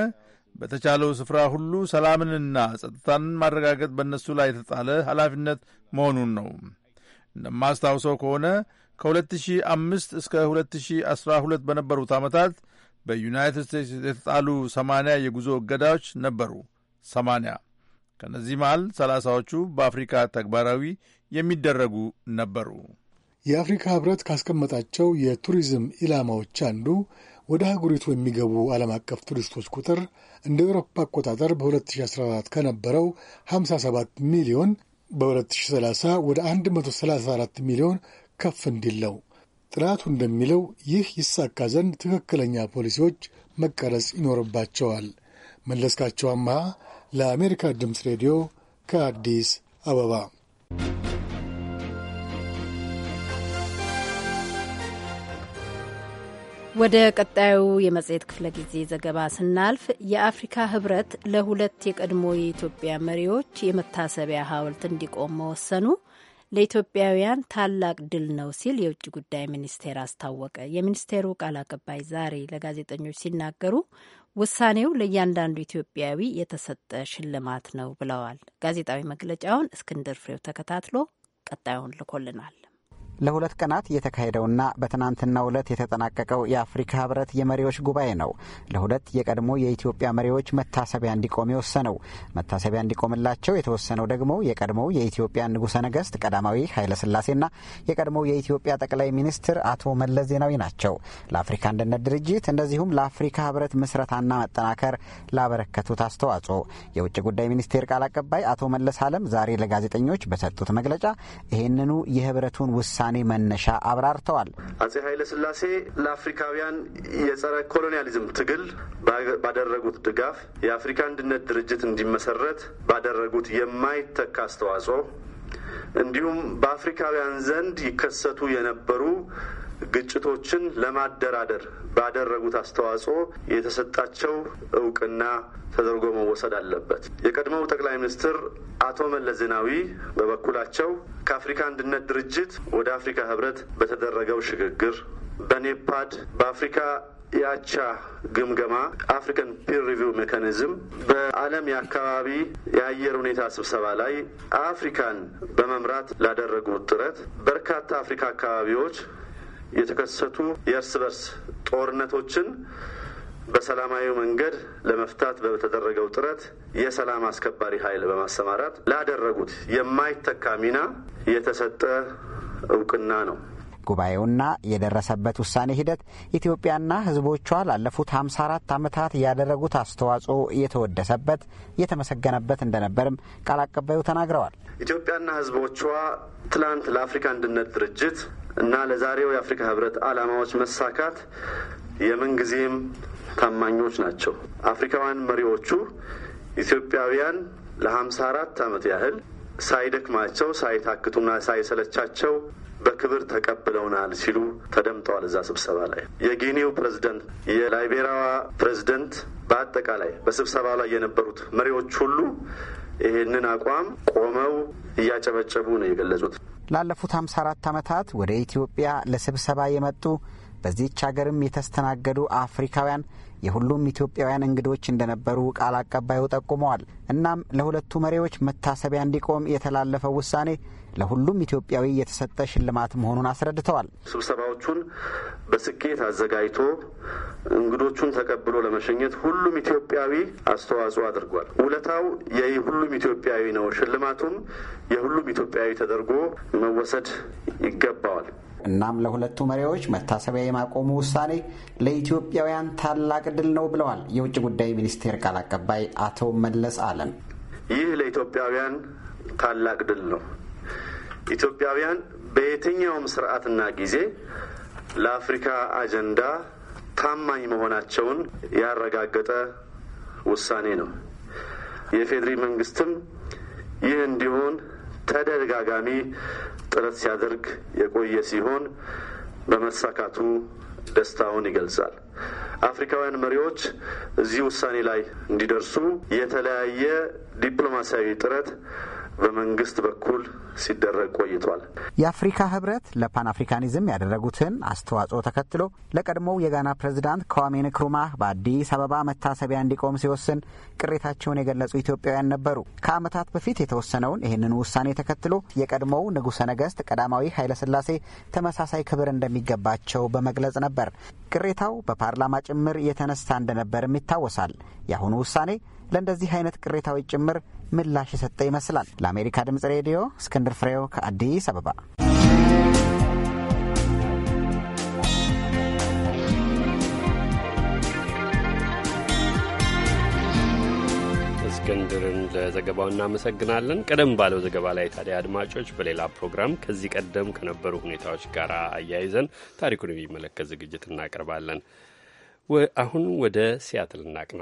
Speaker 8: በተቻለው ስፍራ ሁሉ ሰላምንና ጸጥታን ማረጋገጥ በእነሱ ላይ የተጣለ ኃላፊነት መሆኑን ነው። እንደማስታውሰው ከሆነ ከ2005 እስከ 2012 በነበሩት ዓመታት በዩናይትድ ስቴትስ የተጣሉ 80 የጉዞ እገዳዎች ነበሩ። 80 ከእነዚህ መሃል 30ዎቹ በአፍሪካ ተግባራዊ የሚደረጉ ነበሩ።
Speaker 7: የአፍሪካ ህብረት ካስቀመጣቸው የቱሪዝም ኢላማዎች አንዱ ወደ አህጉሪቱ የሚገቡ ዓለም አቀፍ ቱሪስቶች ቁጥር እንደ አውሮፓ አቆጣጠር በ2014 ከነበረው 57 ሚሊዮን በ2030 ወደ 134 ሚሊዮን ከፍ እንዲል ነው። ጥናቱ እንደሚለው ይህ ይሳካ ዘንድ ትክክለኛ ፖሊሲዎች መቀረጽ ይኖርባቸዋል። መለስካቸው አምሃ ለአሜሪካ ድምፅ ሬዲዮ ከአዲስ አበባ
Speaker 1: ወደ ቀጣዩ የመጽሔት ክፍለ ጊዜ ዘገባ ስናልፍ የአፍሪካ ህብረት ለሁለት የቀድሞ የኢትዮጵያ መሪዎች የመታሰቢያ ሐውልት እንዲቆም መወሰኑ ለኢትዮጵያውያን ታላቅ ድል ነው ሲል የውጭ ጉዳይ ሚኒስቴር አስታወቀ። የሚኒስቴሩ ቃል አቀባይ ዛሬ ለጋዜጠኞች ሲናገሩ ውሳኔው ለእያንዳንዱ ኢትዮጵያዊ የተሰጠ ሽልማት ነው ብለዋል። ጋዜጣዊ መግለጫውን እስክንድር ፍሬው ተከታትሎ ቀጣዩን ልኮልናል።
Speaker 9: ለሁለት ቀናት የተካሄደውና በትናንትናው ዕለት የተጠናቀቀው የአፍሪካ ህብረት የመሪዎች ጉባኤ ነው ለሁለት የቀድሞ የኢትዮጵያ መሪዎች መታሰቢያ እንዲቆም የወሰነው። መታሰቢያ እንዲቆምላቸው የተወሰነው ደግሞ የቀድሞው የኢትዮጵያ ንጉሠ ነገሥት ቀዳማዊ ኃይለሥላሴና የቀድሞው የኢትዮጵያ ጠቅላይ ሚኒስትር አቶ መለስ ዜናዊ ናቸው። ለአፍሪካ አንድነት ድርጅት እንደዚሁም ለአፍሪካ ህብረት ምስረታና መጠናከር ላበረከቱት አስተዋጽኦ የውጭ ጉዳይ ሚኒስቴር ቃል አቀባይ አቶ መለስ አለም ዛሬ ለጋዜጠኞች በሰጡት መግለጫ ይህንኑ የህብረቱን ውሳኔ ውሳኔ መነሻ አብራርተዋል።
Speaker 10: አጼ ስላሴ ለአፍሪካውያን የጸረ ኮሎኒያሊዝም ትግል ባደረጉት ድጋፍ የአፍሪካ አንድነት ድርጅት እንዲመሰረት ባደረጉት የማይተካ አስተዋጽኦ እንዲሁም በአፍሪካውያን ዘንድ ይከሰቱ የነበሩ ግጭቶችን ለማደራደር ባደረጉት አስተዋጽኦ የተሰጣቸው እውቅና ተደርጎ መወሰድ አለበት። የቀድሞው ጠቅላይ ሚኒስትር አቶ መለስ ዜናዊ በበኩላቸው ከአፍሪካ አንድነት ድርጅት ወደ አፍሪካ ህብረት በተደረገው ሽግግር በኔፓድ በአፍሪካ የአቻ ግምገማ አፍሪካን ፒር ሪቪው ሜካኒዝም በዓለም የአካባቢ የአየር ሁኔታ ስብሰባ ላይ አፍሪካን በመምራት ላደረጉት ጥረት በርካታ አፍሪካ አካባቢዎች የተከሰቱ የእርስ በርስ ጦርነቶችን በሰላማዊ መንገድ ለመፍታት በተደረገው ጥረት የሰላም አስከባሪ ኃይል በማሰማራት ላደረጉት የማይተካ ሚና የተሰጠ እውቅና ነው።
Speaker 9: ጉባኤውና የደረሰበት ውሳኔ ሂደት ኢትዮጵያና ሕዝቦቿ ላለፉት 54 ዓመታት ያደረጉት አስተዋጽኦ የተወደሰበት የተመሰገነበት እንደነበርም ቃል አቀባዩ ተናግረዋል።
Speaker 10: ኢትዮጵያና ሕዝቦቿ ትላንት ለአፍሪካ አንድነት ድርጅት እና ለዛሬው የአፍሪካ ህብረት ዓላማዎች መሳካት የምንጊዜም ታማኞች ናቸው። አፍሪካውያን መሪዎቹ ኢትዮጵያውያን ለ54 ዓመት ያህል ሳይደክማቸው ሳይታክቱና ሳይሰለቻቸው በክብር ተቀብለውናል ሲሉ ተደምጠዋል። እዛ ስብሰባ ላይ የጊኒው ፕሬዝደንት፣ የላይቤሪያዋ ፕሬዝደንት፣ በአጠቃላይ በስብሰባ ላይ የነበሩት መሪዎች ሁሉ ይህንን አቋም ቆመው እያጨበጨቡ ነው የገለጹት።
Speaker 9: ላለፉት ሀምሳ አራት ዓመታት ወደ ኢትዮጵያ ለስብሰባ የመጡ በዚህች ሀገርም የተስተናገዱ አፍሪካውያን የሁሉም ኢትዮጵያውያን እንግዶች እንደነበሩ ቃል አቀባዩ ጠቁመዋል። እናም ለሁለቱ መሪዎች መታሰቢያ እንዲቆም የተላለፈው ውሳኔ ለሁሉም ኢትዮጵያዊ የተሰጠ ሽልማት መሆኑን አስረድተዋል።
Speaker 10: ስብሰባዎቹን በስኬት አዘጋጅቶ እንግዶቹን ተቀብሎ ለመሸኘት ሁሉም ኢትዮጵያዊ አስተዋጽኦ አድርጓል። ውለታው የሁሉም ኢትዮጵያዊ ነው። ሽልማቱም የሁሉም ኢትዮጵያዊ ተደርጎ
Speaker 9: መወሰድ ይገባዋል። እናም ለሁለቱ መሪዎች መታሰቢያ የማቆሙ ውሳኔ ለኢትዮጵያውያን ታላቅ ድል ነው ብለዋል የውጭ ጉዳይ ሚኒስቴር ቃል አቀባይ አቶ መለስ አለም።
Speaker 10: ይህ ለኢትዮጵያውያን ታላቅ ድል ነው። ኢትዮጵያውያን በየትኛውም ስርዓትና ጊዜ ለአፍሪካ አጀንዳ ታማኝ መሆናቸውን ያረጋገጠ ውሳኔ ነው። የፌዴሪ መንግስትም ይህ እንዲሆን ተደጋጋሚ ጥረት ሲያደርግ የቆየ ሲሆን በመሳካቱ ደስታውን ይገልጻል። አፍሪካውያን መሪዎች እዚህ ውሳኔ ላይ እንዲደርሱ የተለያየ ዲፕሎማሲያዊ ጥረት በመንግስት በኩል ሲደረግ ቆይቷል።
Speaker 9: የአፍሪካ ህብረት ለፓን አፍሪካኒዝም ያደረጉትን አስተዋጽኦ ተከትሎ ለቀድሞው የጋና ፕሬዝዳንት ከዋሜ ንክሩማህ በአዲስ አበባ መታሰቢያ እንዲቆም ሲወስን ቅሬታቸውን የገለጹ ኢትዮጵያውያን ነበሩ። ከዓመታት በፊት የተወሰነውን ይህንን ውሳኔ ተከትሎ የቀድሞው ንጉሠ ነገሥት ቀዳማዊ ኃይለሥላሴ ተመሳሳይ ክብር እንደሚገባቸው በመግለጽ ነበር። ቅሬታው በፓርላማ ጭምር የተነሳ እንደነበርም ይታወሳል። የአሁኑ ውሳኔ ለእንደዚህ አይነት ቅሬታዎች ጭምር ምላሽ የሰጠ ይመስላል። ለአሜሪካ ድምጽ ሬዲዮ እስክንድር ፍሬው ከአዲስ አበባ።
Speaker 4: እስክንድርን ለዘገባው እናመሰግናለን። ቀደም ባለው ዘገባ ላይ ታዲያ አድማጮች፣ በሌላ ፕሮግራም ከዚህ ቀደም ከነበሩ ሁኔታዎች ጋር አያይዘን ታሪኩን የሚመለከት ዝግጅት እናቀርባለን። አሁን ወደ ሲያትል እናቅና።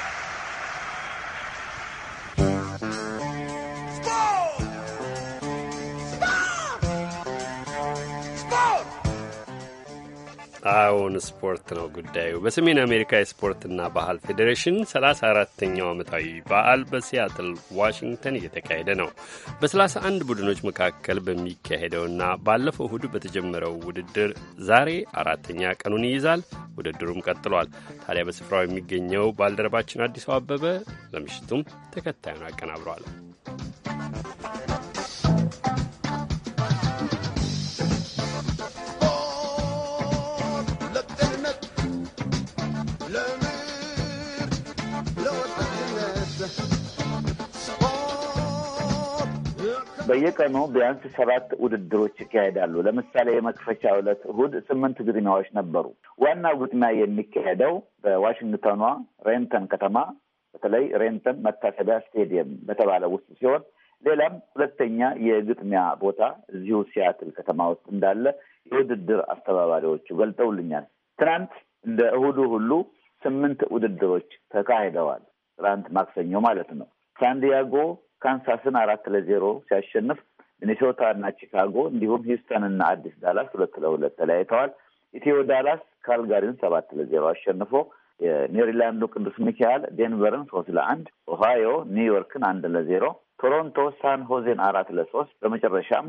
Speaker 4: አዎን ስፖርት ነው ጉዳዩ። በሰሜን አሜሪካ የስፖርትና ባህል ፌዴሬሽን 34ተኛው ዓመታዊ በዓል በሲያትል ዋሽንግተን እየተካሄደ ነው። በ31 ቡድኖች መካከል በሚካሄደውና ባለፈው እሁድ በተጀመረው ውድድር ዛሬ አራተኛ ቀኑን ይይዛል። ውድድሩም ቀጥሏል። ታዲያ በስፍራው የሚገኘው ባልደረባችን አዲሱ አበበ ለምሽቱም ተከታዩን አቀናብሯል።
Speaker 3: በየቀኑ ቢያንስ ሰባት ውድድሮች ይካሄዳሉ። ለምሳሌ የመክፈቻ ዕለት እሁድ ስምንት ግጥሚያዎች ነበሩ። ዋናው ግጥሚያ የሚካሄደው በዋሽንግተኗ ሬንተን ከተማ በተለይ ሬንተን መታሰቢያ ስቴዲየም በተባለ ውስጥ ሲሆን ሌላም ሁለተኛ የግጥሚያ ቦታ እዚሁ ሲያትል ከተማ ውስጥ እንዳለ የውድድር አስተባባሪዎቹ ገልጠውልኛል። ትናንት እንደ እሁዱ ሁሉ ስምንት ውድድሮች ተካሂደዋል። ትናንት ማክሰኞ ማለት ነው። ሳንዲያጎ ካንሳስን አራት ለዜሮ ሲያሸንፍ ሚኒሶታ እና ቺካጎ እንዲሁም ሂውስተን እና አዲስ ዳላስ ሁለት ለሁለት ተለያይተዋል። ኢትዮ ዳላስ ካልጋሪን ሰባት ለዜሮ አሸንፎ የሜሪላንዱ ቅዱስ ሚካኤል ዴንቨርን ሶስት ለአንድ፣ ኦሃዮ ኒውዮርክን አንድ ለዜሮ፣ ቶሮንቶ ሳን ሆዜን አራት ለሶስት በመጨረሻም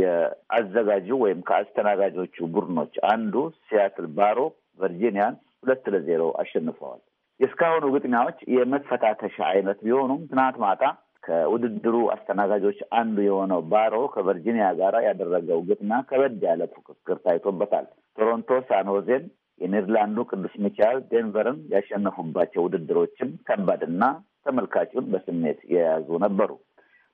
Speaker 3: የአዘጋጁ ወይም ከአስተናጋጆቹ ቡድኖች አንዱ ሲያትል ባሮ ቨርጂኒያን ሁለት ለዜሮ አሸንፈዋል። የእስካሁኑ ግጥሚያዎች የመፈታተሻ አይነት ቢሆኑም ትናንት ማታ ከውድድሩ አስተናጋጆች አንዱ የሆነው ባሮ ከቨርጂኒያ ጋር ያደረገው ግጥሚያ ከበድ ያለ ፉክክር ታይቶበታል። ቶሮንቶ ሳንሆዜን፣ የኔዘርላንዱ ቅዱስ ሚካኤል ዴንቨርን ያሸነፉባቸው ውድድሮችም ከባድና ተመልካቹን በስሜት የያዙ ነበሩ።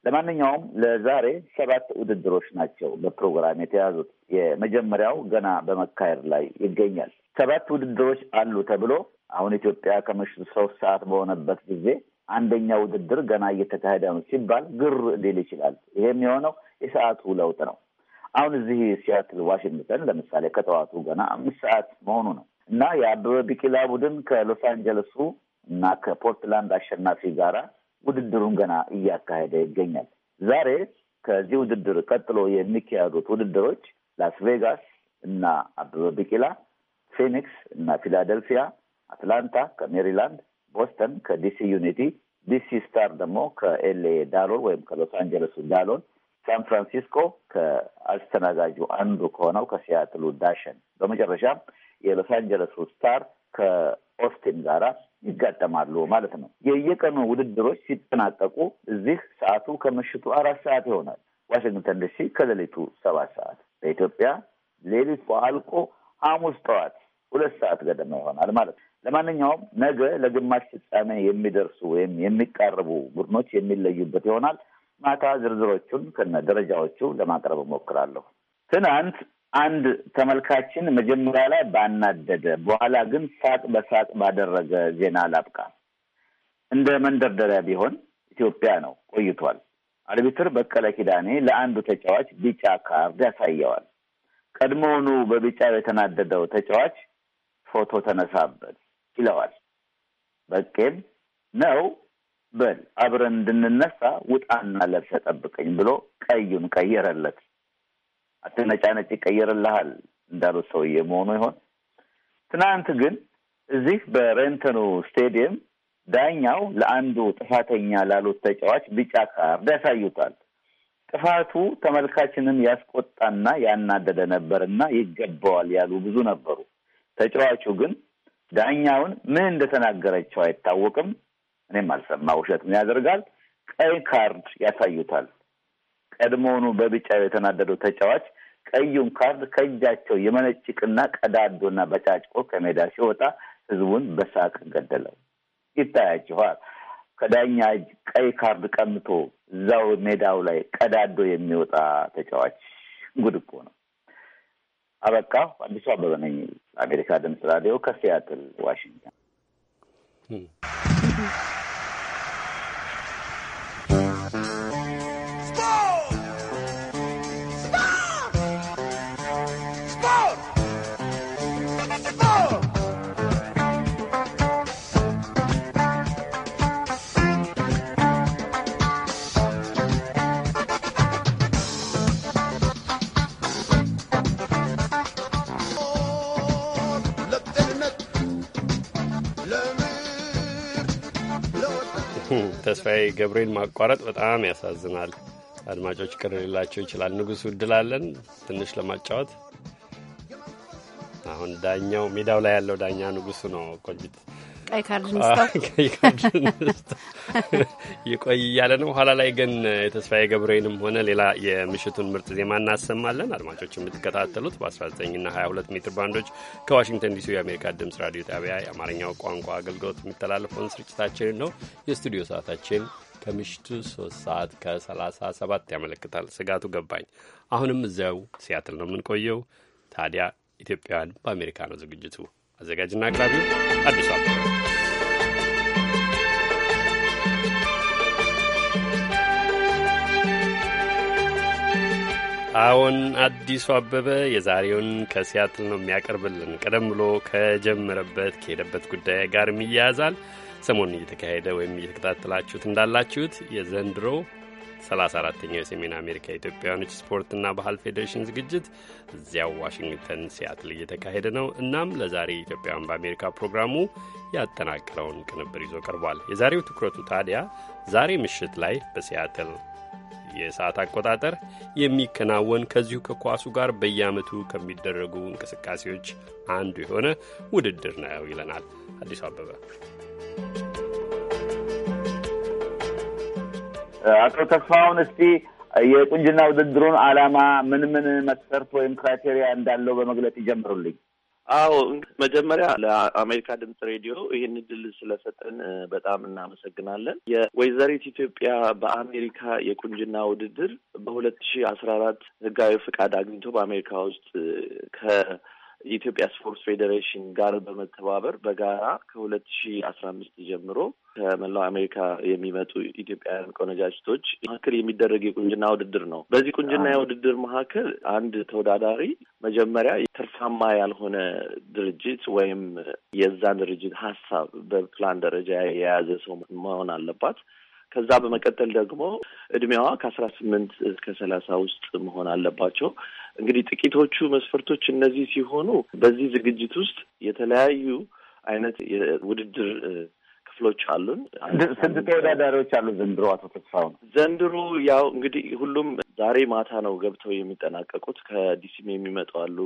Speaker 3: ለማንኛውም ለዛሬ ሰባት ውድድሮች ናቸው በፕሮግራም የተያዙት። የመጀመሪያው ገና በመካሄድ ላይ ይገኛል። ሰባት ውድድሮች አሉ ተብሎ አሁን ኢትዮጵያ ከምሽቱ ሶስት ሰዓት በሆነበት ጊዜ አንደኛ ውድድር ገና እየተካሄደ ነው ሲባል ግር ሊል ይችላል። ይሄም የሆነው የሰዓቱ ለውጥ ነው። አሁን እዚህ ሲያትል ዋሽንግተን ለምሳሌ ከጠዋቱ ገና አምስት ሰዓት መሆኑ ነው እና የአበበ ቢቂላ ቡድን ከሎስ አንጀለሱ እና ከፖርትላንድ አሸናፊ ጋራ ውድድሩን ገና እያካሄደ ይገኛል። ዛሬ ከዚህ ውድድር ቀጥሎ የሚካሄዱት ውድድሮች ላስ ቬጋስ እና አበበ ቢቂላ፣ ፊኒክስ እና ፊላደልፊያ፣ አትላንታ ከሜሪላንድ ቦስተን ከዲሲ ዩኒቲ፣ ዲሲ ስታር ደግሞ ከኤልኤ ዳሎን ወይም ከሎስ አንጀለሱ ዳሎን፣ ሳን ፍራንሲስኮ ከአስተናጋጁ አንዱ ከሆነው ከሲያትሉ ዳሸን፣ በመጨረሻ የሎስ አንጀለሱ ስታር ከኦስቲን ጋራ ይጋጠማሉ ማለት ነው። የየቀኑ ውድድሮች ሲጠናቀቁ እዚህ ሰዓቱ ከምሽቱ አራት ሰዓት ይሆናል። ዋሽንግተን ዲሲ ከሌሊቱ ሰባት ሰዓት በኢትዮጵያ ሌሊቱ አልቆ ሐሙስ ጠዋት ሁለት ሰዓት ገደማ ይሆናል ማለት ነው። ለማንኛውም ነገ ለግማሽ ፍጻሜ የሚደርሱ ወይም የሚቃረቡ ቡድኖች የሚለዩበት ይሆናል። ማታ ዝርዝሮቹን ከነ ደረጃዎቹ ለማቅረብ እሞክራለሁ። ትናንት አንድ ተመልካችን መጀመሪያ ላይ ባናደደ፣ በኋላ ግን ሳቅ በሳቅ ባደረገ ዜና ላብቃ። እንደ መንደርደሪያ ቢሆን ኢትዮጵያ ነው ቆይቷል። አርቢትር በቀለ ኪዳኔ ለአንዱ ተጫዋች ቢጫ ካርድ ያሳየዋል። ቀድሞውኑ በቢጫ የተናደደው ተጫዋች ፎቶ ተነሳበት። ይለዋል። በቄም ነው በል አብረን እንድንነሳ ውጣና ለብሰ ጠብቀኝ ብሎ ቀዩን ቀየረለት። አትነጫነጭ ይቀየርልሃል እንዳሉት ሰውዬ መሆኑ ይሆን? ትናንት ግን እዚህ በሬንተኑ ስቴዲየም ዳኛው ለአንዱ ጥፋተኛ ላሉት ተጫዋች ቢጫ ካርድ ያሳዩታል። ጥፋቱ ተመልካችንን ያስቆጣና ያናደደ ነበርና ይገባዋል ያሉ ብዙ ነበሩ። ተጫዋቹ ግን ዳኛውን ምን እንደተናገረቸው አይታወቅም። እኔም አልሰማ ውሸት ምን ያደርጋል። ቀይ ካርድ ያሳዩታል። ቀድሞውኑ በቢጫ የተናደደው ተጫዋች ቀዩን ካርድ ከእጃቸው የመነጭቅና ቀዳዶና በጫጭቆ ከሜዳ ሲወጣ ህዝቡን በሳቅ ገደለው። ይታያችኋል። ከዳኛ እጅ ቀይ ካርድ ቀምቶ እዛው ሜዳው ላይ ቀዳዶ የሚወጣ ተጫዋች ጉድ እኮ ነው። አበቃ። አዲሱ አበበ ነኝ አሜሪካ ድምፅ ራዲዮ ከሲያትል ዋሽንግተን።
Speaker 4: ተስፋዬ ገብሬን ማቋረጥ በጣም ያሳዝናል። አድማጮች ቅር ሊላቸው ይችላል። ንጉሱ ውድላለን ትንሽ ለማጫወት አሁን ዳኛው ሜዳው ላይ ያለው ዳኛ ንጉሱ ነው ቆንጅት
Speaker 1: ቀይ ካርድ ቀይ ካርድ
Speaker 4: ይቆይ እያለ ነው። ኋላ ላይ ግን የተስፋዬ ገብሬንም ሆነ ሌላ የምሽቱን ምርጥ ዜማ እናሰማለን። አድማጮች የምትከታተሉት በ19ና 22 ሜትር ባንዶች ከዋሽንግተን ዲሲ የአሜሪካ ድምፅ ራዲዮ ጣቢያ የአማርኛው ቋንቋ አገልግሎት የሚተላለፈውን ስርጭታችንን ነው። የስቱዲዮ ሰዓታችን ከምሽቱ 3 ሰዓት ከ37 ያመለክታል። ስጋቱ ገባኝ። አሁንም እዚያው ሲያትል ነው የምንቆየው። ታዲያ ኢትዮጵያውያን በአሜሪካ ነው ዝግጅቱ አዘጋጅና አቅራቢው አዲሱ አበበ። አዎን አዲሱ አበበ የዛሬውን ከሲያትል ነው የሚያቀርብልን። ቀደም ብሎ ከጀመረበት ከሄደበት ጉዳይ ጋር የሚያያዛል። ሰሞኑን እየተካሄደ ወይም እየተከታተላችሁት እንዳላችሁት የዘንድሮ 34ኛው የሰሜን አሜሪካ የኢትዮጵያውያኖች ስፖርትና ባህል ፌዴሬሽን ዝግጅት እዚያው ዋሽንግተን ሲያትል እየተካሄደ ነው። እናም ለዛሬ ኢትዮጵያውያን በአሜሪካ ፕሮግራሙ ያጠናቀረውን ቅንብር ይዞ ቀርቧል። የዛሬው ትኩረቱ ታዲያ ዛሬ ምሽት ላይ በሲያትል የሰዓት አቆጣጠር የሚከናወን ከዚሁ ከኳሱ ጋር በየዓመቱ ከሚደረጉ እንቅስቃሴዎች አንዱ የሆነ ውድድር ነው ይለናል አዲሱ አበበ።
Speaker 3: አቶ ተስፋውን እስቲ የቁንጅና ውድድሩን ዓላማ ምን ምን መስፈርት ወይም ክራይቴሪያ እንዳለው በመግለጽ ይጀምሩልኝ።
Speaker 11: አዎ መጀመሪያ ለአሜሪካ ድምፅ ሬዲዮ ይህን ድል ስለሰጠን በጣም እናመሰግናለን። የወይዘሪት ኢትዮጵያ በአሜሪካ የቁንጅና ውድድር በሁለት ሺህ አስራ አራት ህጋዊ ፍቃድ አግኝቶ በአሜሪካ ውስጥ ከ የኢትዮጵያ ስፖርት ፌዴሬሽን ጋር በመተባበር በጋራ ከሁለት ሺ አስራ አምስት ጀምሮ ከመላው አሜሪካ የሚመጡ ኢትዮጵያውያን ቆነጃጅቶች መካከል የሚደረግ የቁንጅና ውድድር ነው። በዚህ ቁንጅና ውድድር መካከል አንድ ተወዳዳሪ መጀመሪያ ትርፋማ ያልሆነ ድርጅት ወይም የዛን ድርጅት ሀሳብ በፕላን ደረጃ የያዘ ሰው መሆን አለባት። ከዛ በመቀጠል ደግሞ እድሜዋ ከአስራ ስምንት እስከ ሰላሳ ውስጥ መሆን አለባቸው። እንግዲህ ጥቂቶቹ መስፈርቶች እነዚህ ሲሆኑ በዚህ ዝግጅት ውስጥ የተለያዩ አይነት የውድድር ክፍሎች አሉን። ስንት ተወዳዳሪዎች አሉ ዘንድሮ? አቶ ተስፋሁን ዘንድሮ ያው እንግዲህ ሁሉም ዛሬ ማታ ነው ገብተው የሚጠናቀቁት። ከዲሲም የሚመጡ አሉ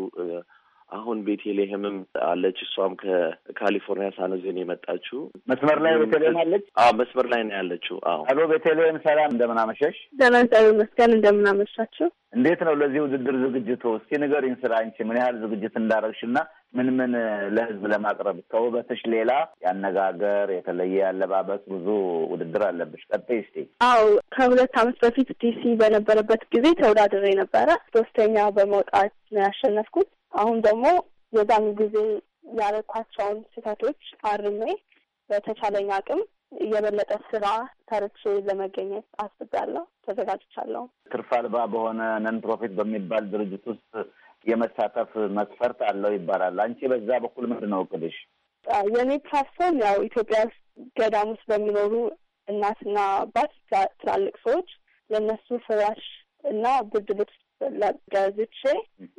Speaker 11: አሁን ቤቴልሄምም አለች። እሷም ከካሊፎርኒያ ሳንዜን የመጣችው መስመር ላይ ቤቴልሄም አለች። አዎ መስመር ላይ ነው ያለችው። አዎ አሎ ቤቴልሄም ሰላም፣ እንደምናመሸሽ።
Speaker 12: ሰላም እግዚአብሔር ይመስገን። እንደምናመሻችሁ።
Speaker 3: እንዴት ነው ለዚህ ውድድር ዝግጅቱ? እስኪ ንገሪኝ ስለ አንቺ ምን ያህል ዝግጅት እንዳረግሽ እና ምን ምን ለህዝብ ለማቅረብ ከውበትሽ ሌላ የአነጋገር የተለየ አለባበስ ብዙ ውድድር አለብሽ። ቀጥ ስ አው
Speaker 12: ከሁለት አመት በፊት ዲሲ በነበረበት ጊዜ ተወዳድሬ ነበረ። ሶስተኛ በመውጣት ነው ያሸነፍኩት። አሁን ደግሞ የዛን ጊዜ ያረኳቸውን ስህተቶች አርሜ በተቻለኝ አቅም የበለጠ ስራ ተርቼ ለመገኘት አስቤያለሁ፣ ተዘጋጅቻለሁ።
Speaker 3: ትርፍ አልባ በሆነ ነን ፕሮፊት በሚባል ድርጅት ውስጥ የመሳተፍ መስፈርት አለው ይባላል። አንቺ በዛ በኩል ምንድን ነው እቅድሽ?
Speaker 12: የኔ ፕላትፎርም ያው ኢትዮጵያ ውስጥ ገዳም ውስጥ በሚኖሩ እናትና አባት ትላልቅ ሰዎች ለእነሱ ፍራሽ እና ብርድ ልብስ ለገዝቼ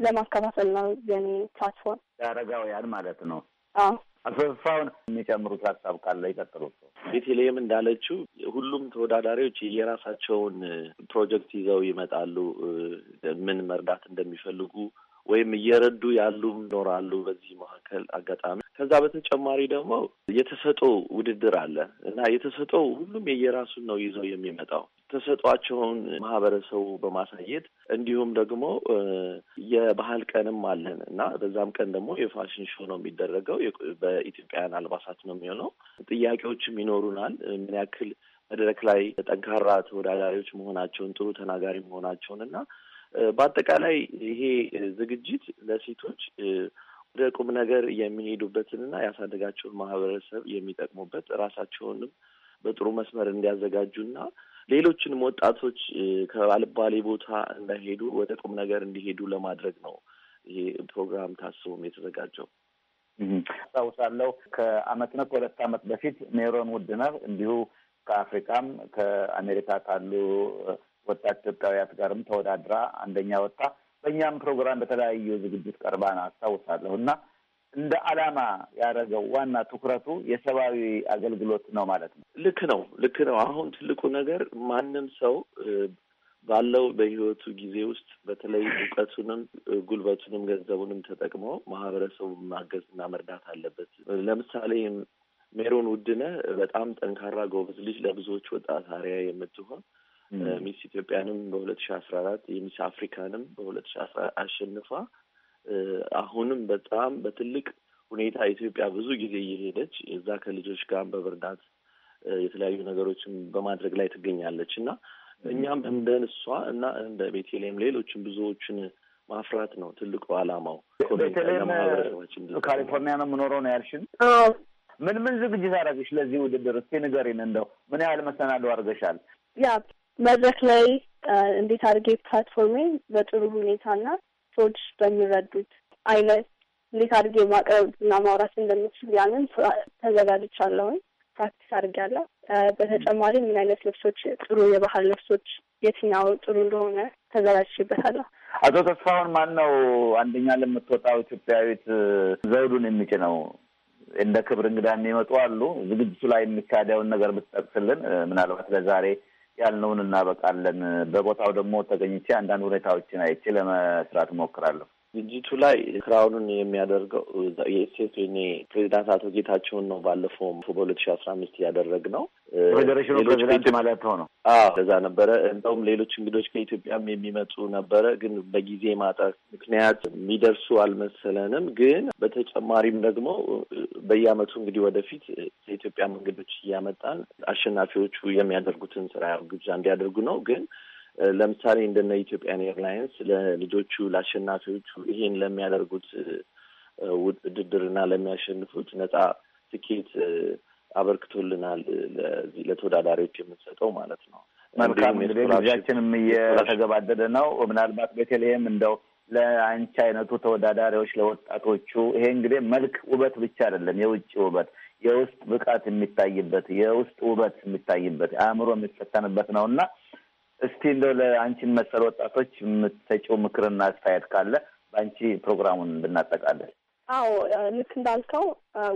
Speaker 12: ለማከፋፈል ነው የኔ ፕላትፎርም።
Speaker 3: አረጋውያን
Speaker 11: ማለት ነው። አዎ። የሚጨምሩት ሀሳብ ካለ ይቀጥሉ። ቤተልሔም እንዳለችው ሁሉም ተወዳዳሪዎች የራሳቸውን ፕሮጀክት ይዘው ይመጣሉ። ምን መርዳት እንደሚፈልጉ ወይም እየረዱ ያሉም ይኖራሉ በዚህ መካከል አጋጣሚ። ከዛ በተጨማሪ ደግሞ የተሰጥኦ ውድድር አለ እና የተሰጠው ሁሉም የየራሱን ነው ይዘው የሚመጣው ተሰጧቸውን ማህበረሰቡ በማሳየት እንዲሁም ደግሞ የባህል ቀንም አለን እና በዛም ቀን ደግሞ የፋሽን ሾ ነው የሚደረገው። በኢትዮጵያውያን አልባሳት ነው የሚሆነው። ጥያቄዎችም ይኖሩናል ምን ያክል መድረክ ላይ ጠንካራ ተወዳዳሪዎች መሆናቸውን ጥሩ ተናጋሪ መሆናቸውን እና በአጠቃላይ ይሄ ዝግጅት ለሴቶች ወደ ቁም ነገር የሚሄዱበትንና ያሳደጋቸውን ማህበረሰብ የሚጠቅሙበት ራሳቸውንም በጥሩ መስመር እንዲያዘጋጁና ሌሎችንም ወጣቶች ከባልባሌ ቦታ እንዳይሄዱ ወደ ቁም ነገር እንዲሄዱ ለማድረግ ነው ይሄ ፕሮግራም ታስቦም የተዘጋጀው።
Speaker 3: አስታውሳለሁ ከአመትነት ሁለት አመት በፊት ሜሮን ውድነር እንዲሁ ከአፍሪካም ከአሜሪካ ካሉ ወጣት ኢትዮጵያውያት ጋርም ተወዳድራ አንደኛ ወጣ። በእኛም ፕሮግራም በተለያዩ ዝግጅት ቀርባን አስታውሳለሁ እና እንደ ዓላማ ያደረገው ዋና ትኩረቱ የሰብአዊ አገልግሎት ነው ማለት ነው።
Speaker 11: ልክ ነው፣ ልክ ነው። አሁን ትልቁ ነገር ማንም ሰው ባለው በህይወቱ ጊዜ ውስጥ በተለይ እውቀቱንም ጉልበቱንም ገንዘቡንም ተጠቅሞ ማህበረሰቡን ማገዝና መርዳት አለበት። ለምሳሌ ሜሮን ውድነ በጣም ጠንካራ ጎበዝ ልጅ ለብዙዎች ወጣት አርአያ የምትሆን ሚስ ኢትዮጵያንም በሁለት ሺ አስራ አራት የሚስ አፍሪካንም በሁለት ሺ አስራ አሸንፋ አሁንም በጣም በትልቅ ሁኔታ ኢትዮጵያ ብዙ ጊዜ እየሄደች እዛ ከልጆች ጋር በብርዳት የተለያዩ ነገሮችን በማድረግ ላይ ትገኛለች እና እኛም እንደ እሷ እና እንደ ቤቴሌም ሌሎችን ብዙዎችን ማፍራት ነው ትልቁ አላማው። ቤተልሔም ካሊፎርኒያ
Speaker 3: ነው የምኖረው ነው ያልሽን። ምን ምን ዝግጅት አደረግሽ ለዚህ ውድድር? እስኪ ንገሪን እንደው ምን ያህል መሰናዶ አድርገሻል? ያ መድረክ
Speaker 12: ላይ እንዴት አድርጌ ፕላትፎርሜን በጥሩ ሁኔታና ሰዎች በሚረዱት አይነት እንዴት አድርጌ ማቅረብ እና ማውራት እንደምችል ያንን ተዘጋጅቻለሁኝ። ፕራክቲስ አድርጊያለሁ። በተጨማሪ ምን አይነት ልብሶች ጥሩ የባህል ልብሶች የትኛው ጥሩ እንደሆነ ተዘጋጅቼበታለሁ።
Speaker 3: አቶ ተስፋሁን ማን ነው አንደኛ ለምትወጣው ኢትዮጵያዊት ዘውዱን የሚጭነው? እንደ ክብር እንግዳ የሚመጡ አሉ። ዝግጅቱ ላይ የሚካሄደውን ነገር ብትጠቅስልን ምናልባት ለዛሬ ያልነውን እናበቃለን። በቦታው ደግሞ ተገኝቼ አንዳንድ
Speaker 11: ሁኔታዎችን አይቼ ለመስራት እሞክራለሁ። ዝግጅቱ ላይ ክራውኑን የሚያደርገው የኤስኤፍ ፕሬዚዳንት አቶ ጌታቸውን ነው። ባለፈውም በሁለት ሺ አስራ አምስት እያደረግ ነው
Speaker 3: ፌዴሬሽኑ ፕሬዚዳንት ማለት
Speaker 11: ነው። አዎ ለዛ ነበረ። እንደውም ሌሎች እንግዶች ከኢትዮጵያም የሚመጡ ነበረ፣ ግን በጊዜ ማጠር ምክንያት የሚደርሱ አልመሰለንም። ግን በተጨማሪም ደግሞ በየአመቱ እንግዲህ ወደፊት ከኢትዮጵያ እንግዶች እያመጣን አሸናፊዎቹ የሚያደርጉትን ስራ ግብዣ እንዲያደርጉ ነው ግን ለምሳሌ እንደነ ኢትዮጵያን ኤርላይንስ ለልጆቹ ለአሸናፊዎቹ ይሄን ለሚያደርጉት ውድድርና ለሚያሸንፉት ነፃ ትኬት አበርክቶልናል። ለዚህ ለተወዳዳሪዎች የምንሰጠው ማለት ነው። መልካም እንግዲህ ጊዜያችንም እየተገባደደ
Speaker 3: ነው። ምናልባት ቤተልሔም እንደው ለአንቺ አይነቱ ተወዳዳሪዎች ለወጣቶቹ ይሄ እንግዲህ መልክ ውበት ብቻ አይደለም፣ የውጭ ውበት የውስጥ ብቃት የሚታይበት የውስጥ ውበት የሚታይበት አእምሮ የሚፈተንበት ነው እና እስቲ እንደው ለአንቺን መሰል ወጣቶች የምትሰጪው ምክርና አስተያየት ካለ በአንቺ ፕሮግራሙን ብናጠቃልል።
Speaker 12: አዎ ልክ እንዳልከው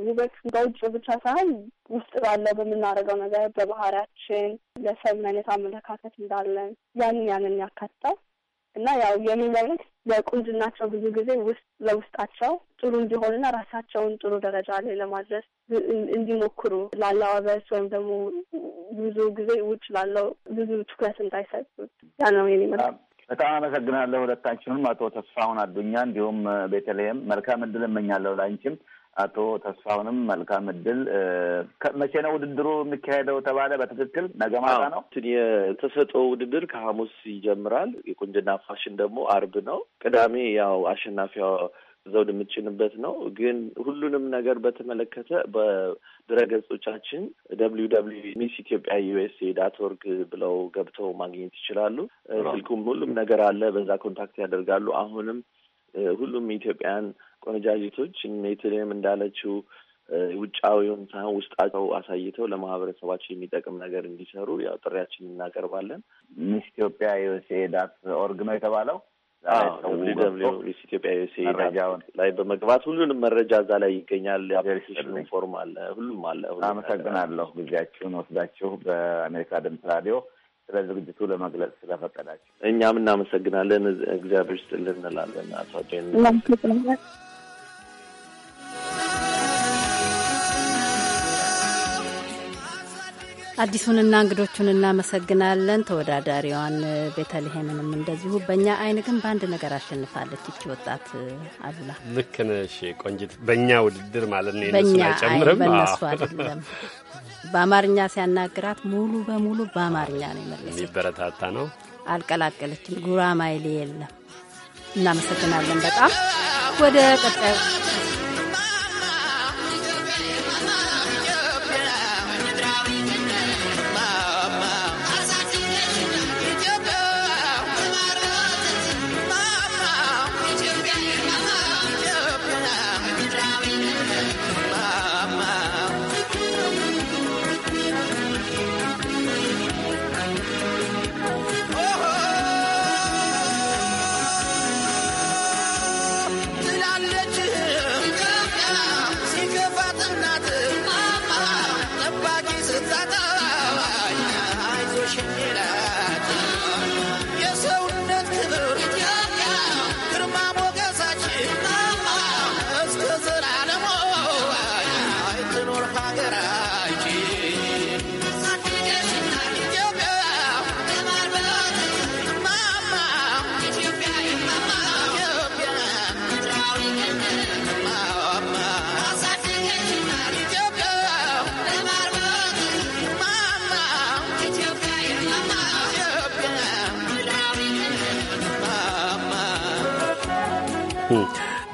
Speaker 12: ውበት በውጭ ብቻ ሳይሆን ውስጥ ባለው በምናደርገው ነገር በባህሪያችን፣ ለሰውነት አመለካከት እንዳለን ያንን ያንን ያካትታል። እና ያው የሚመሩት መልክ በቁንጅናቸው ብዙ ጊዜ ውስጥ ለውስጣቸው ጥሩ እንዲሆንና ራሳቸውን ጥሩ ደረጃ ላይ ለማድረስ እንዲሞክሩ ላለባበስ ወይም ደግሞ ብዙ ጊዜ ውጭ ላለው ብዙ ትኩረት እንዳይሰጡት ያ ነው የኔ
Speaker 3: በጣም አመሰግናለሁ ሁለታችንም፣ አቶ ተስፋሁን አዱኛ እንዲሁም ቤተልሔም መልካም እድል እመኛለሁ ላንቺም አቶ ተስፋውንም መልካም እድል። መቼ ነው ውድድሩ የሚካሄደው ተባለ? በትክክል ነገ ማታ ነው።
Speaker 11: የተሰጠው ውድድር ከሐሙስ ይጀምራል። የቁንጅና ፋሽን ደግሞ አርብ ነው። ቅዳሜ ያው አሸናፊያ ዘውድ የምችንበት ነው። ግን ሁሉንም ነገር በተመለከተ በድረገጾቻችን ደብሊው ደብሊው ሚስ ኢትዮጵያ ዩኤስኤ ዳት ወርግ ብለው ገብተው ማግኘት ይችላሉ። ስልኩም ሁሉም ነገር አለ። በዛ ኮንታክት ያደርጋሉ። አሁንም ሁሉም ኢትዮጵያን ቆነጃጅቶች ሜትሪየም እንዳለችው ውጫዊውን ሳይሆን ውስጣቸው አሳይተው ለማህበረሰባቸው የሚጠቅም ነገር እንዲሰሩ ያው ጥሪያችን እናቀርባለን። ሚስ ኢትዮጵያ ዩኤስኤ ዳት ኦርግ ነው የተባለው ሚስ ኢትዮጵያ ዩኤስኤ ላይ በመግባት ሁሉንም መረጃ እዛ ላይ ይገኛል። የአፕሊኬሽን ፎርም አለ፣ ሁሉም አለ። አመሰግናለሁ ጊዜያችሁን ወስዳችሁ በአሜሪካ ድምፅ ራዲዮ ስለ ዝግጅቱ ለመግለጽ ስለፈቀዳችሁ እኛም እናመሰግናለን። እግዚአብሔር ይስጥልን እንላለን አቶ
Speaker 1: አዲሱንና እንግዶቹን እናመሰግናለን። ተወዳዳሪዋን ቤተልሔምንም እንደዚሁ። በእኛ አይን ግን በአንድ ነገር አሸንፋለች ይቺ ወጣት አሉላ።
Speaker 4: ልክ ነሽ ቆንጅት። በእኛ ውድድር ማለት ነው። የነሱን አይጨምርም፣ በእነሱ አይደለም።
Speaker 1: በአማርኛ ሲያናግራት ሙሉ በሙሉ በአማርኛ ነው የመለሰችው።
Speaker 4: የሚበረታታ ነው።
Speaker 1: አልቀላቀለችም። ጉራማይሌ የለም። እናመሰግናለን በጣም ወደ ቀጣዩ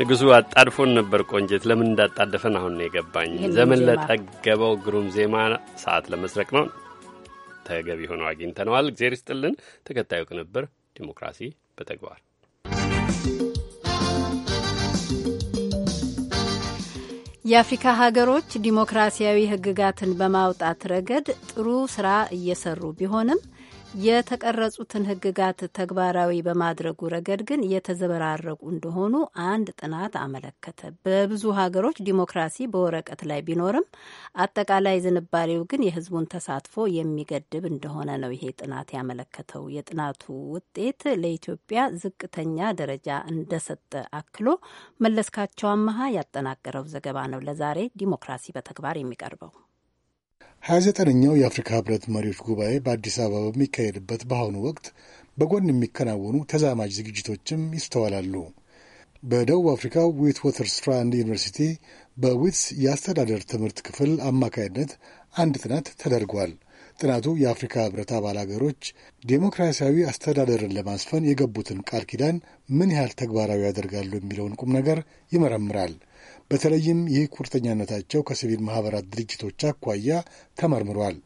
Speaker 4: ንጉሱ አጣድፎን ነበር ቆንጀት። ለምን እንዳጣደፈን አሁን ነው የገባኝ። ዘመን ለጠገበው ግሩም ዜማ ሰዓት ለመስረቅ ነው ተገቢ ሆነው አግኝተነዋል። እግዜር ይስጥልን። ተከታዩ ቅንብር ዲሞክራሲ በተግባር
Speaker 1: የአፍሪካ ሀገሮች ዲሞክራሲያዊ ህግጋትን በማውጣት ረገድ ጥሩ ስራ እየሰሩ ቢሆንም የተቀረጹትን ህግጋት ተግባራዊ በማድረጉ ረገድ ግን የተዘበራረቁ እንደሆኑ አንድ ጥናት አመለከተ። በብዙ ሀገሮች ዲሞክራሲ በወረቀት ላይ ቢኖርም አጠቃላይ ዝንባሌው ግን የህዝቡን ተሳትፎ የሚገድብ እንደሆነ ነው ይሄ ጥናት ያመለከተው። የጥናቱ ውጤት ለኢትዮጵያ ዝቅተኛ ደረጃ እንደሰጠ አክሎ መለስካቸው አመሀ ያጠናቀረው ዘገባ ነው። ለዛሬ ዲሞክራሲ በተግባር የሚቀርበው
Speaker 7: 29ኛው የአፍሪካ ህብረት መሪዎች ጉባኤ በአዲስ አበባ በሚካሄድበት በአሁኑ ወቅት በጎን የሚከናወኑ ተዛማጅ ዝግጅቶችም ይስተዋላሉ። በደቡብ አፍሪካ ዊት ወተር ስትራንድ ዩኒቨርሲቲ በዊትስ የአስተዳደር ትምህርት ክፍል አማካይነት አንድ ጥናት ተደርጓል። ጥናቱ የአፍሪካ ህብረት አባል አገሮች ዴሞክራሲያዊ አስተዳደርን ለማስፈን የገቡትን ቃል ኪዳን ምን ያህል ተግባራዊ ያደርጋሉ የሚለውን ቁም ነገር ይመረምራል። በተለይም ይህ ቁርጠኛነታቸው ከሲቪል ማኅበራት ድርጅቶች አኳያ ተመርምሯል።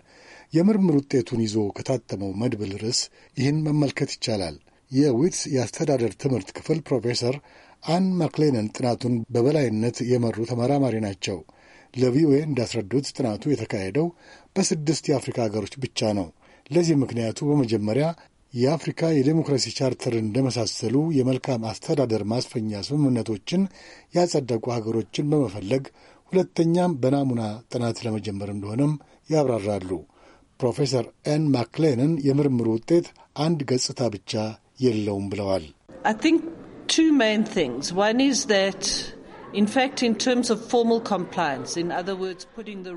Speaker 7: የምርምር ውጤቱን ይዞ ከታተመው መድብል ርዕስ ይህን መመልከት ይቻላል። የዊትስ የአስተዳደር ትምህርት ክፍል ፕሮፌሰር አን ማክሌነን ጥናቱን በበላይነት የመሩ ተመራማሪ ናቸው። ለቪኦኤ እንዳስረዱት ጥናቱ የተካሄደው በስድስት የአፍሪካ ሀገሮች ብቻ ነው። ለዚህ ምክንያቱ በመጀመሪያ የአፍሪካ የዴሞክራሲ ቻርተርን እንደመሳሰሉ የመልካም አስተዳደር ማስፈኛ ስምምነቶችን ያጸደቁ ሀገሮችን በመፈለግ ሁለተኛም በናሙና ጥናት ለመጀመር እንደሆነም ያብራራሉ። ፕሮፌሰር ኤን ማክሌንን የምርምሩ ውጤት አንድ ገጽታ ብቻ የለውም ብለዋል።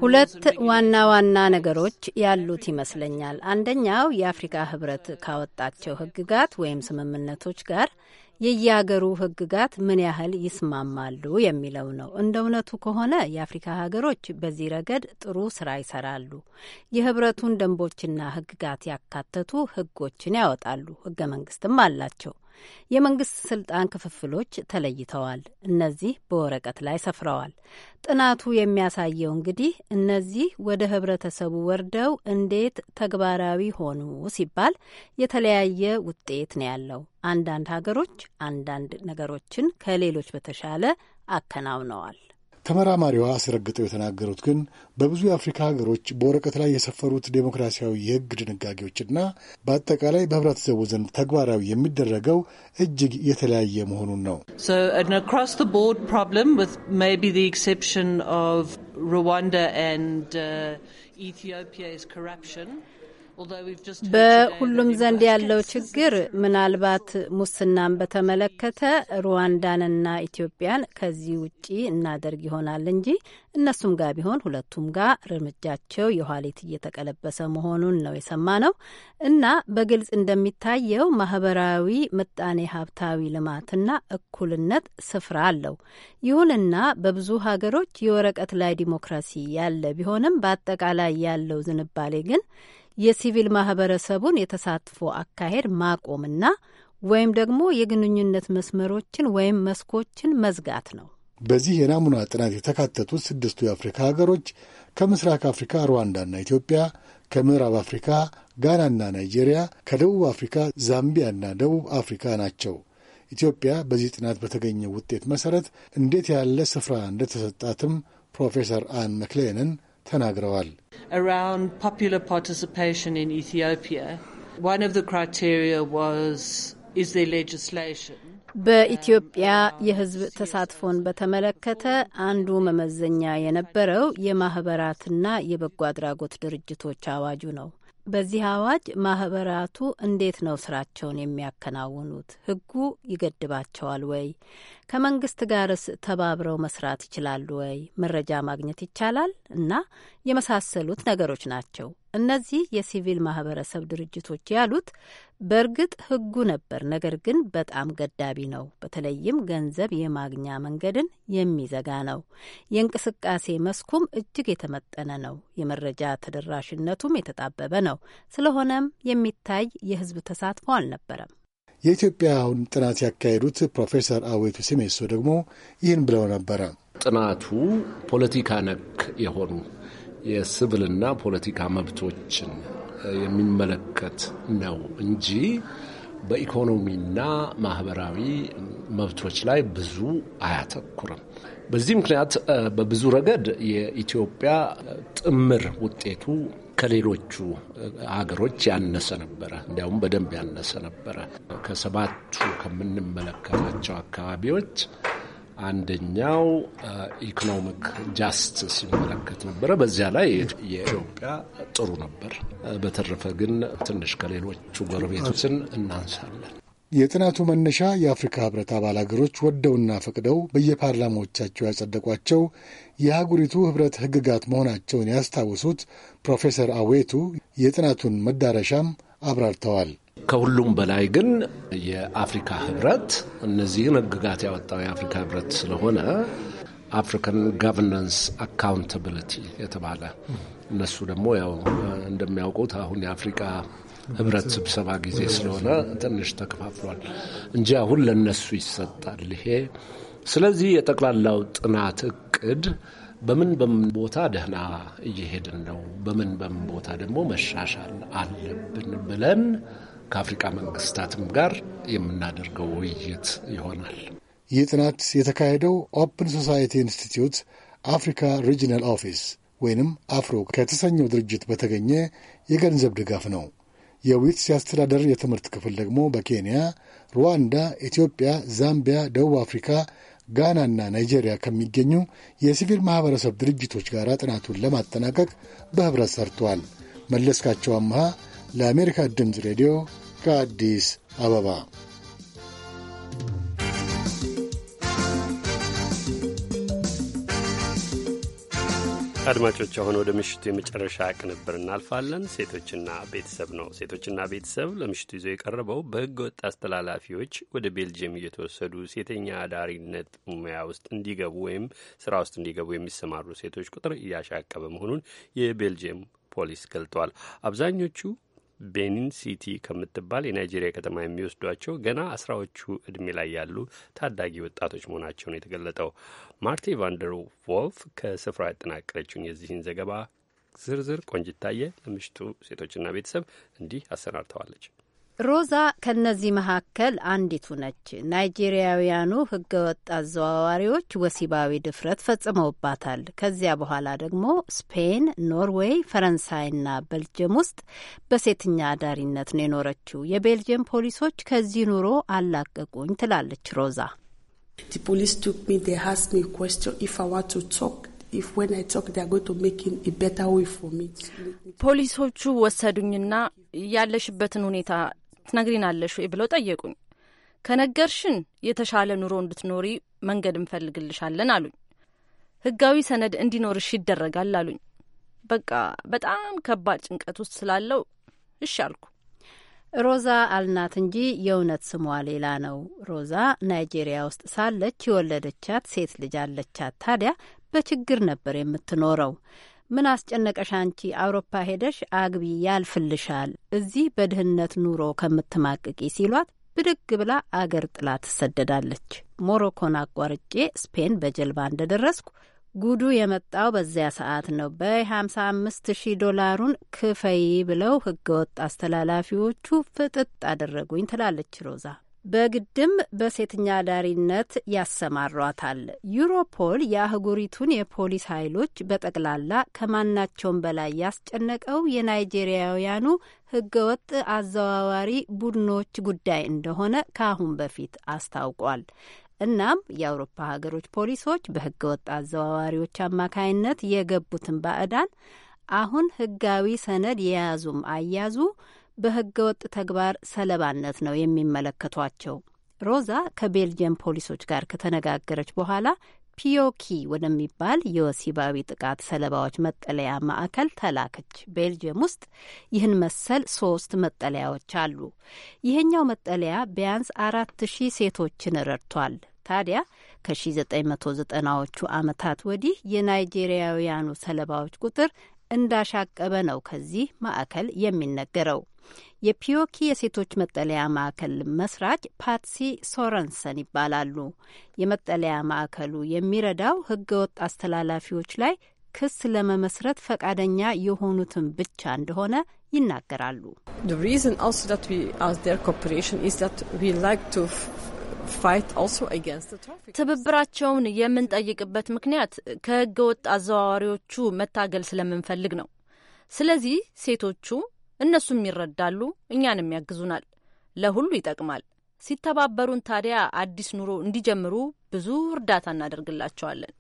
Speaker 5: ሁለት
Speaker 1: ዋና ዋና ነገሮች ያሉት ይመስለኛል። አንደኛው የአፍሪካ ህብረት ካወጣቸው ህግጋት ወይም ስምምነቶች ጋር የየሀገሩ ህግጋት ምን ያህል ይስማማሉ የሚለው ነው። እንደ እውነቱ ከሆነ የአፍሪካ ሀገሮች በዚህ ረገድ ጥሩ ስራ ይሰራሉ። የህብረቱን ደንቦችና ህግጋት ያካተቱ ህጎችን ያወጣሉ። ህገ መንግስትም አላቸው። የመንግስት ስልጣን ክፍፍሎች ተለይተዋል። እነዚህ በወረቀት ላይ ሰፍረዋል። ጥናቱ የሚያሳየው እንግዲህ እነዚህ ወደ ህብረተሰቡ ወርደው እንዴት ተግባራዊ ሆኑ ሲባል የተለያየ ውጤት ነው ያለው። አንዳንድ ሀገሮች አንዳንድ ነገሮችን ከሌሎች በተሻለ አከናውነዋል።
Speaker 7: ተመራማሪዋ አስረግጠው የተናገሩት ግን በብዙ የአፍሪካ ሀገሮች በወረቀት ላይ የሰፈሩት ዴሞክራሲያዊ የሕግ ድንጋጌዎችና በአጠቃላይ በህብረተሰቡ ዘንድ ተግባራዊ የሚደረገው እጅግ የተለያየ መሆኑን ነው።
Speaker 1: በሁሉም ዘንድ ያለው ችግር ምናልባት ሙስናን በተመለከተ ሩዋንዳንና ኢትዮጵያን ከዚህ ውጪ እናደርግ ይሆናል እንጂ እነሱም ጋር ቢሆን ሁለቱም ጋር እርምጃቸው የኋሊት እየተቀለበሰ መሆኑን ነው ነው እና በግልጽ እንደሚታየው ማህበራዊ ምጣኔ ሀብታዊ ልማትና እኩልነት ስፍራ አለው። ይሁንና በብዙ ሀገሮች የወረቀት ላይ ዲሞክራሲ ያለ ቢሆንም በአጠቃላይ ያለው ዝንባሌ ግን የሲቪል ማህበረሰቡን የተሳትፎ አካሄድ ማቆምና ወይም ደግሞ የግንኙነት መስመሮችን ወይም መስኮችን መዝጋት ነው።
Speaker 7: በዚህ የናሙና ጥናት የተካተቱት ስድስቱ የአፍሪካ ሀገሮች ከምስራቅ አፍሪካ ሩዋንዳና ኢትዮጵያ፣ ከምዕራብ አፍሪካ ጋናና ናይጄሪያ፣ ከደቡብ አፍሪካ ዛምቢያና ደቡብ አፍሪካ ናቸው። ኢትዮጵያ በዚህ ጥናት በተገኘው ውጤት መሰረት እንዴት ያለ ስፍራ እንደተሰጣትም ፕሮፌሰር አን መክሌንን ተናግረዋል።
Speaker 1: በኢትዮጵያ የህዝብ ተሳትፎን በተመለከተ አንዱ መመዘኛ የነበረው የማህበራትና የበጎ አድራጎት ድርጅቶች አዋጁ ነው። በዚህ አዋጅ ማህበራቱ እንዴት ነው ስራቸውን የሚያከናውኑት? ህጉ ይገድባቸዋል ወይ? ከመንግስት ጋርስ ተባብረው መስራት ይችላሉ ወይ? መረጃ ማግኘት ይቻላል? እና የመሳሰሉት ነገሮች ናቸው እነዚህ የሲቪል ማህበረሰብ ድርጅቶች ያሉት በእርግጥ ህጉ ነበር፣ ነገር ግን በጣም ገዳቢ ነው። በተለይም ገንዘብ የማግኛ መንገድን የሚዘጋ ነው። የእንቅስቃሴ መስኩም እጅግ የተመጠነ ነው። የመረጃ ተደራሽነቱም የተጣበበ ነው። ስለሆነም የሚታይ የህዝብ ተሳትፎ አልነበረም።
Speaker 7: የኢትዮጵያውን ጥናት ያካሄዱት ፕሮፌሰር አዌቱ ሲሜሶ ደግሞ ይህን ብለው ነበረ።
Speaker 13: ጥናቱ ፖለቲካ ነክ የሆኑ የስብልና ፖለቲካ መብቶችን የሚመለከት ነው እንጂ በኢኮኖሚና ማህበራዊ መብቶች ላይ ብዙ አያተኩርም። በዚህ ምክንያት በብዙ ረገድ የኢትዮጵያ ጥምር ውጤቱ ከሌሎቹ ሀገሮች ያነሰ ነበረ። እንዲያውም በደንብ ያነሰ ነበረ። ከሰባቱ ከምንመለከታቸው አካባቢዎች አንደኛው ኢኮኖሚክ ጃስትስ ይመለከት ነበረ። በዚያ ላይ የኢትዮጵያ ጥሩ ነበር። በተረፈ ግን ትንሽ ከሌሎቹ ጎረቤቶችን እናንሳለን።
Speaker 7: የጥናቱ መነሻ የአፍሪካ ህብረት አባል ሀገሮች ወደውና ፈቅደው በየፓርላማዎቻቸው ያጸደቋቸው የአህጉሪቱ ህብረት ህግጋት መሆናቸውን ያስታውሱት ፕሮፌሰር አዌቱ የጥናቱን መዳረሻም
Speaker 13: አብራርተዋል። ከሁሉም በላይ ግን የአፍሪካ ህብረት እነዚህን ህግጋት ያወጣው የአፍሪካ ህብረት ስለሆነ አፍሪካን ጋቨርናንስ አካውንታብሊቲ የተባለ እነሱ ደግሞ ያው እንደሚያውቁት አሁን የአፍሪካ ህብረት ስብሰባ ጊዜ ስለሆነ ትንሽ ተከፋፍሏል እንጂ አሁን ለእነሱ ይሰጣል ይሄ። ስለዚህ የጠቅላላው ጥናት እቅድ በምን በምን ቦታ ደህና እየሄድን ነው፣ በምን በምን ቦታ ደግሞ መሻሻል አለብን ብለን ከአፍሪካ መንግስታትም ጋር የምናደርገው ውይይት ይሆናል።
Speaker 7: ይህ ጥናት የተካሄደው ኦፕን ሶሳይቲ ኢንስቲትዩት አፍሪካ ሪጂናል ኦፊስ ወይንም አፍሮ ከተሰኘው ድርጅት በተገኘ የገንዘብ ድጋፍ ነው። የዊትስ አስተዳደር የትምህርት ክፍል ደግሞ በኬንያ፣ ሩዋንዳ፣ ኢትዮጵያ፣ ዛምቢያ፣ ደቡብ አፍሪካ፣ ጋናና ናይጄሪያ ከሚገኙ የሲቪል ማኅበረሰብ ድርጅቶች ጋር ጥናቱን ለማጠናቀቅ በኅብረት ሰርተዋል። መለስካቸው አምሃ ለአሜሪካ ድምፅ ሬዲዮ ከአዲስ አበባ።
Speaker 4: አድማጮች አሁን ወደ ምሽቱ የመጨረሻ ቅንብር እናልፋለን። ሴቶችና ቤተሰብ ነው። ሴቶችና ቤተሰብ ለምሽቱ ይዞ የቀረበው በሕገ ወጥ አስተላላፊዎች ወደ ቤልጅየም እየተወሰዱ ሴተኛ አዳሪነት ሙያ ውስጥ እንዲገቡ ወይም ስራ ውስጥ እንዲገቡ የሚሰማሩ ሴቶች ቁጥር እያሻቀበ መሆኑን የቤልጅየም ፖሊስ ገልጧል። አብዛኞቹ ቤኒን ሲቲ ከምትባል የናይጄሪያ ከተማ የሚወስዷቸው ገና አስራዎቹ እድሜ ላይ ያሉ ታዳጊ ወጣቶች መሆናቸውን የተገለጠው ማርቲ ቫንደር ቮልፍ ከስፍራ ያጠናቀረችውን የዚህን ዘገባ ዝርዝር ቆንጅታየ ለምሽቱ ሴቶችና ቤተሰብ እንዲህ አሰናድተዋለች።
Speaker 1: ሮዛ ከነዚህ መካከል አንዲቱ ነች። ናይጄሪያውያኑ ህገወጥ አዘዋዋሪዎች ወሲባዊ ድፍረት ፈጽመውባታል። ከዚያ በኋላ ደግሞ ስፔን፣ ኖርዌይ፣ ፈረንሳይና ቤልጅየም ውስጥ በሴትኛ አዳሪነት ነው የኖረችው። የቤልጅየም ፖሊሶች ከዚህ ኑሮ አላቀቁኝ ትላለች ሮዛ። ፖሊሶቹ ወሰዱኝና ያለሽበትን ሁኔታ ትነግሪናለሽ ወይ ብለው ጠየቁኝ። ከነገርሽን የተሻለ ኑሮ እንድትኖሪ መንገድ እንፈልግልሻለን አሉኝ። ህጋዊ ሰነድ እንዲኖርሽ ይደረጋል አሉኝ። በቃ በጣም ከባድ ጭንቀት ውስጥ ስላለው እሺ አልኩ። ሮዛ አልናት እንጂ የእውነት ስሟ ሌላ ነው። ሮዛ ናይጄሪያ ውስጥ ሳለች የወለደቻት ሴት ልጅ አለቻት። ታዲያ በችግር ነበር የምትኖረው። ምን አስጨነቀሽ አንቺ አውሮፓ ሄደሽ አግቢ ያልፍልሻል፣ እዚህ በድህነት ኑሮ ከምትማቅቂ ሲሏት ብድግ ብላ አገር ጥላ ትሰደዳለች። ሞሮኮን አቋርጬ ስፔን በጀልባ እንደደረስኩ ጉዱ የመጣው በዚያ ሰዓት ነው። በ 55 ሺህ ዶላሩን ክፈይ ብለው ህገወጥ አስተላላፊዎቹ ፍጥጥ አደረጉኝ ትላለች ሮዛ። በግድም በሴተኛ አዳሪነት ያሰማሯታል። ዩሮፖል የአህጉሪቱን የፖሊስ ኃይሎች በጠቅላላ ከማናቸውም በላይ ያስጨነቀው የናይጄሪያውያኑ ህገወጥ አዘዋዋሪ ቡድኖች ጉዳይ እንደሆነ ከአሁን በፊት አስታውቋል። እናም የአውሮፓ ሀገሮች ፖሊሶች በህገወጥ አዘዋዋሪዎች አማካይነት የገቡትን ባዕዳን አሁን ህጋዊ ሰነድ የያዙም አያዙ በህገወጥ ተግባር ሰለባነት ነው የሚመለከቷቸው። ሮዛ ከቤልጅየም ፖሊሶች ጋር ከተነጋገረች በኋላ ፒዮኪ ወደሚባል የወሲባዊ ጥቃት ሰለባዎች መጠለያ ማዕከል ተላከች። ቤልጅየም ውስጥ ይህን መሰል ሶስት መጠለያዎች አሉ። ይህኛው መጠለያ ቢያንስ አራት ሺህ ሴቶችን ረድቷል። ታዲያ ከ1990ዎቹ ዓመታት ወዲህ የናይጄሪያውያኑ ሰለባዎች ቁጥር እንዳሻቀበ ነው ከዚህ ማዕከል የሚነገረው። የፒዮኪ የሴቶች መጠለያ ማዕከል መስራች ፓትሲ ሶረንሰን ይባላሉ። የመጠለያ ማዕከሉ የሚረዳው ህገወጥ አስተላላፊዎች ላይ ክስ ለመመስረት ፈቃደኛ የሆኑትን ብቻ እንደሆነ ይናገራሉ። ትብብራቸውን የምንጠይቅበት ምክንያት ከህገ ወጥ አዘዋዋሪዎቹ መታገል ስለምንፈልግ ነው። ስለዚህ ሴቶቹ እነሱም ይረዳሉ፣ እኛንም ያግዙናል። ለሁሉ ይጠቅማል። ሲተባበሩን ታዲያ አዲስ ኑሮ እንዲጀምሩ ብዙ እርዳታ እናደርግላቸዋለን።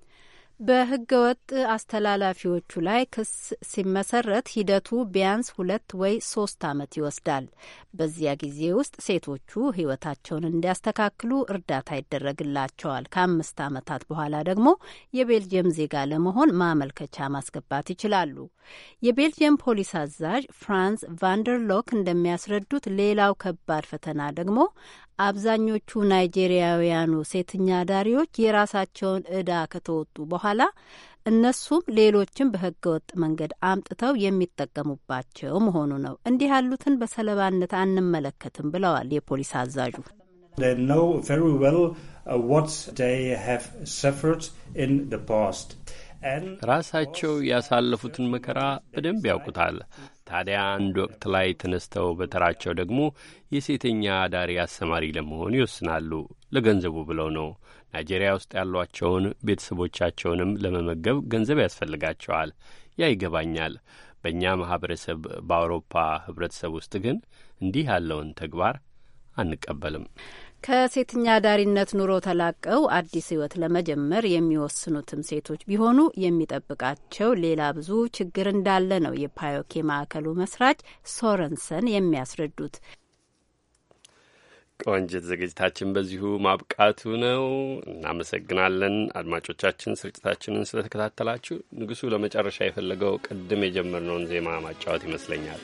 Speaker 1: በህገወጥ አስተላላፊዎቹ ላይ ክስ ሲመሰረት ሂደቱ ቢያንስ ሁለት ወይ ሶስት ዓመት ይወስዳል። በዚያ ጊዜ ውስጥ ሴቶቹ ህይወታቸውን እንዲያስተካክሉ እርዳታ ይደረግላቸዋል። ከአምስት ዓመታት በኋላ ደግሞ የቤልጅየም ዜጋ ለመሆን ማመልከቻ ማስገባት ይችላሉ። የቤልጅየም ፖሊስ አዛዥ ፍራንስ ቫንደርሎክ እንደሚያስረዱት ሌላው ከባድ ፈተና ደግሞ አብዛኞቹ ናይጄሪያውያኑ ሴተኛ አዳሪዎች የራሳቸውን እዳ ከተወጡ በኋላ እነሱም ሌሎችን በህገወጥ መንገድ አምጥተው የሚጠቀሙባቸው መሆኑ ነው። እንዲህ ያሉትን በሰለባነት አንመለከትም ብለዋል የፖሊስ አዛዡ።
Speaker 4: uh, ራሳቸው ያሳለፉትን መከራ በደንብ ያውቁታል። ታዲያ አንድ ወቅት ላይ ተነስተው በተራቸው ደግሞ የሴተኛ አዳሪ አሰማሪ ለመሆን ይወስናሉ። ለገንዘቡ ብለው ነው። ናይጄሪያ ውስጥ ያሏቸውን ቤተሰቦቻቸውንም ለመመገብ ገንዘብ ያስፈልጋቸዋል። ያ ይገባኛል። በእኛ ማህበረሰብ፣ በአውሮፓ ህብረተሰብ ውስጥ ግን እንዲህ ያለውን ተግባር አንቀበልም።
Speaker 1: ከሴትኛ ዳሪነት ኑሮ ተላቀው አዲስ ህይወት ለመጀመር የሚወስኑትም ሴቶች ቢሆኑ የሚጠብቃቸው ሌላ ብዙ ችግር እንዳለ ነው የፓዮኬ ማዕከሉ መስራች ሶረንሰን የሚያስረዱት።
Speaker 4: ቆንጅት፣ ዝግጅታችን በዚሁ ማብቃቱ ነው። እናመሰግናለን። አድማጮቻችን ስርጭታችንን ስለተከታተላችሁ፣ ንጉሱ ለመጨረሻ የፈለገው ቅድም የጀመርነውን ዜማ ማጫወት ይመስለኛል።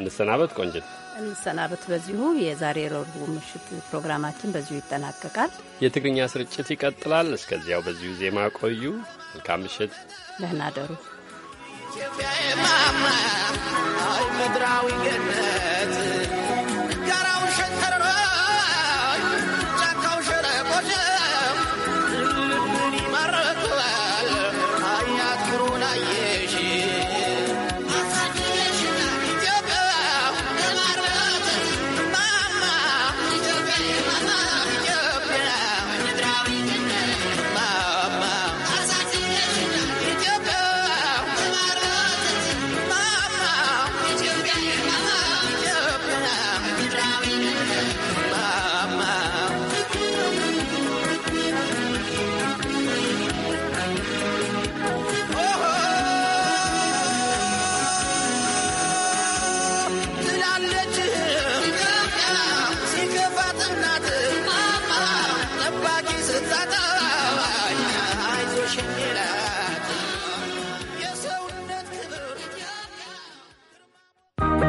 Speaker 4: እንሰናበት ቆንጅት።
Speaker 1: እንሰናበት በዚሁ የዛሬ ረቡዕ ምሽት ፕሮግራማችን በዚሁ ይጠናቀቃል።
Speaker 4: የትግርኛ ስርጭት ይቀጥላል። እስከዚያው በዚሁ ዜማ ቆዩ። መልካም
Speaker 1: ምሽት፣ ደህና ደሩ።